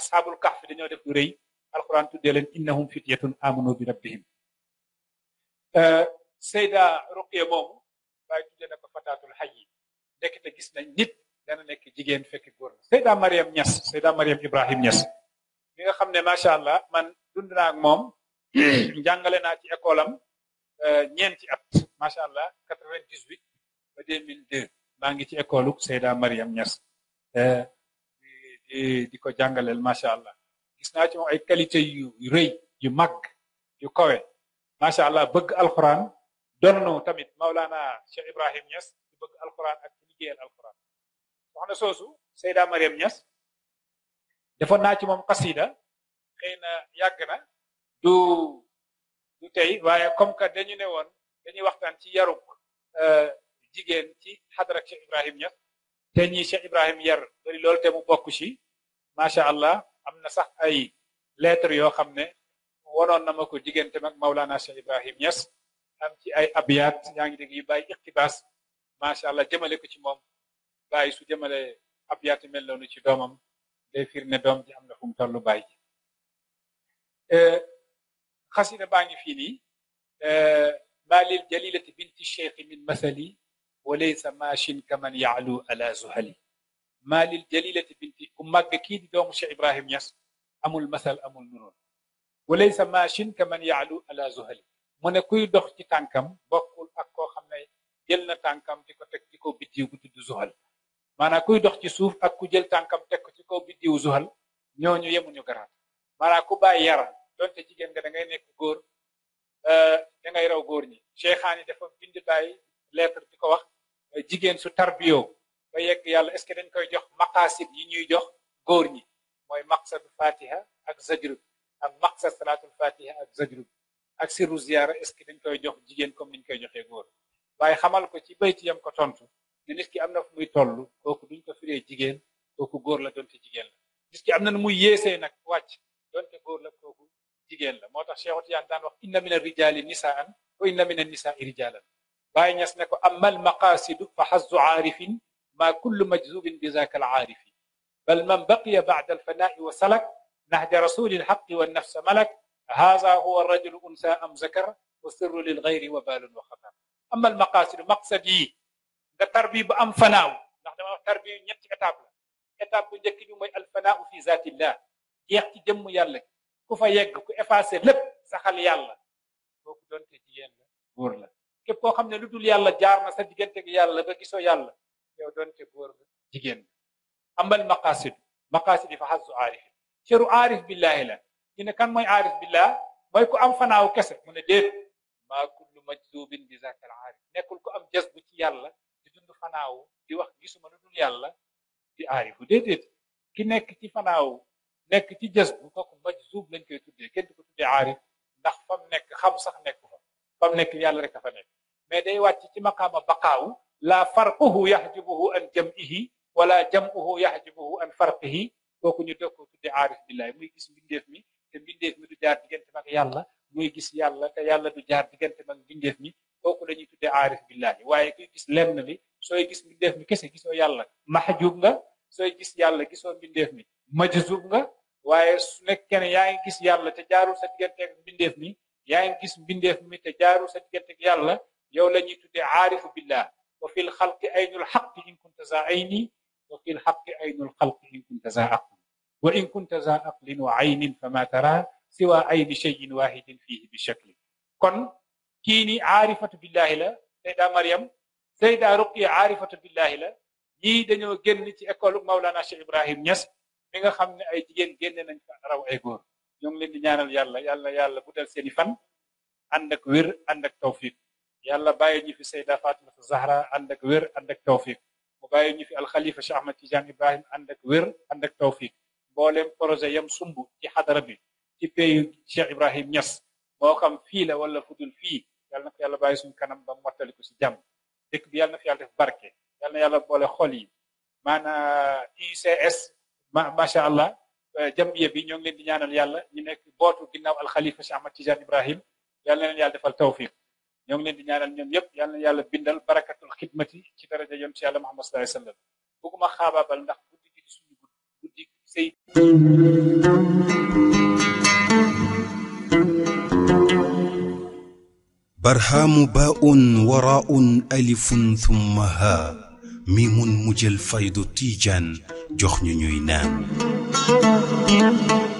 [SPEAKER 1] asxaabul kahf dañoo def lu rëy alquran tuddee leen innahum fityatun amanu bi rabbihim euh, sayda ruqiya moomu waaye tuddee nañ nit dana nekk jigéen fekk góor na sayda mariam ñas sayda mariam ibrahim ñas mi nga xam ne macha allah man dund naa ak hmm. ci école am euh, ñeenti at macha allah quatre-vingt-dix-huit ba maa ngi ci école u Seyda Mariam Niass di di di ko jàngaleel macha allah gis naa ci ay qualité yu rëy yu mag yu kawe macha allah bëgg alquran nu tamit Maulana Cheikh Ibrahim Niass di bëgg alquran ak ci liggéeyal alquran wax na soosu Seyda Mariam Niass defoon naa ci moom xasida xëy na yàgg na du tey waaye comme que dañu ne woon dañuy waxtaan ci yaruk euh, jigéen ci xadara Cheikh Ibrahim Niass te ñi Cheikh Ibrahim yar bari loolu te mu bokk ci macha allah am na sax ay lettre yoo xam ne wonoon na ma ko diggante mag Maulana Cheikh Ibrahim Niass am ci ay abiyat yaa ngi dégg yu bàyyi iqtibaas macha allah jëmale ko ci moom bàyyi su jëmale abiyat mel noonu ci doomam day fiir ne doom ji am na fu mu tollu bàyyi xasida baa ngi fii nii maa lil jalilati binti cheikh min masali وليس ماش كمن يعلو على زهلي ما للجليلة بنت أمك كيد دوم شي إبراهيم يس أم المثل أم النور وليس ماش كمن يعلو على زهلي من كوي دوخ تانكم بقول أكو خم خامني تانكم تكو تكو بديو بيديو كو تودو زهل مانا كوي دوخ تي سوف أك كو تانكم تكو تكو بديو زهل نيو نيو garaat maanaam ku bàyyi yar donte jigéen nga da ngay nekk góor da ngay raw góor ñi cheikhaan yi dafa lettre di ko wax jigéen su tarbiyoo ba yegg yàlla est ce que dañ koy jox maqasid yi ñuy jox góor ñi mooy maqsadu fatiha ak zajru ak maqsad salaatul fatiha ak zajru ak sirru ziyaara est ce que dañ koy jox jigéen comme niñ koy joxee góor waaye xamal ko ci bayti yam ko tontu ne nit ki am na fu muy toll kooku duñ ko firee jigéen kooku góor la donte jigéen la nit ki am na nu muy yeesee nag wàcc donte góor la kooku jigéen la moo tax Cheikh Tijaan daan wax inna mina rijaali nisaan wa inna mina nisaai rijaalan باين يسنك أما المقاصد فحز عارف ما كل مجذوب بذاك العارف بل من بقي بعد الفناء وسلك نهج رسول الحق والنفس ملك هذا هو الرجل أنثى أم ذكر وسر للغير وبال وخطر أما المقاصد مقصدي التربية أم فناء نحن ما التربية نبت إتاب إتاب الفناء في ذات الله يأتي جم يالك كفا يجك إفاسر لب سخل يالله وكذن تجيان بورلا كيف كو خامني لودو يالا جارنا سا ديغنتك يالا با غيسو يالا ياو دونت غور ديغن امبل مقاصد مقاصد فحز عارف شرو عارف بالله لا ان كان ماي عارف بالله ماي كو ام فناو كسر من ديت ما كل مجذوب بذاك العارف نيكول كو ام جذب تي يالا دي دوند فناو دي واخ غيسو ما لودو يالا دي عارف fa nekk yàlla rek a fa nekk mais day wàcc ci maqaama baqaawu la farquhu yaxjibuhu an jam'ihi wala jam'uhu yaxjibuhu an farqihi kooku ñu dog ko tudde aarif billahi muy gis mbindeef mi te mbindeef mi du jaar diggante mag yàlla muy gis yàlla te yàlla du jaar diggante mag mbindeef mi kooku la ñuy tudde aarif billahi waaye kuy gis lenn bi sooy gis mbindeef mi kese gisoo yàlla maxjub nga sooy gis yàlla gisoo mbindeef mi majzub nga waaye su nekkee ne yaa ngi gis yàlla te jaarul sa digganteeg mbindeef mi yaa ngi gis mbindeef mi te jaaru sa diggante ak yàlla yow la ñuy tuddee aarifu billah wa fil xalqi aynul xaqi in kunta za ayni wa fil xaqi aynul xalqi in kunta za aqli wa in kunta za aqlin wa aynin fama tara siwa ayni cheyin wahidin fihi bi shakli kon kii ni aarifatu billahi la sayda mariam sayda ruqiya aarifatu billahi la ñii dañoo génn ci école Maulana Cheikh Ibrahim Niass mi nga xam ne ay jigéen génne nañ fa raw ay góor ñoo ngi leen di ñaanal yàlla yàlla yàlla guddal seeni fan ànd ak wér ànd ak tawfiq yàlla bàyyi ñu fi sayda fatimatu zahra ànd ak wér ànd ak tawfiq mu bàyyi ñu fi alxalifa cheikh ahmad tidiane ibrahim ànd ak wér ànd ak tawfiq mbooleem projet yam sumb ci xadara bi ci pays cheikh ibrahim ñas moo xam fii la wala fudul fii yàlla na ko yàlla bàyyi suñu kanam ba mottali si jàmm dëkk bi yàlla na fi yàlla def barke yàlla na yàlla boole xol yi maana ICS ma macha allah jambiya bi ñoo ngi leen di ñaanal yàlla ñu nekk bootu ginnaaw khalifa si Ahmad Tijaan Ibrahim yal na leen yàlla defal tawfiq ñoo ngi leen di ñaanal ñoom ñëpp yal na yàlla bindal barakatul xidmati ci daraja yoon si yàlla Muhammad sallallahu alayhi wasallam bëgguma xaabaabal ndax guddi gi suñu guddi sëy barhamu baun waraun alifun thumma ha mimun mujjal faydu tiijaan jox ñu
[SPEAKER 2] Thank you.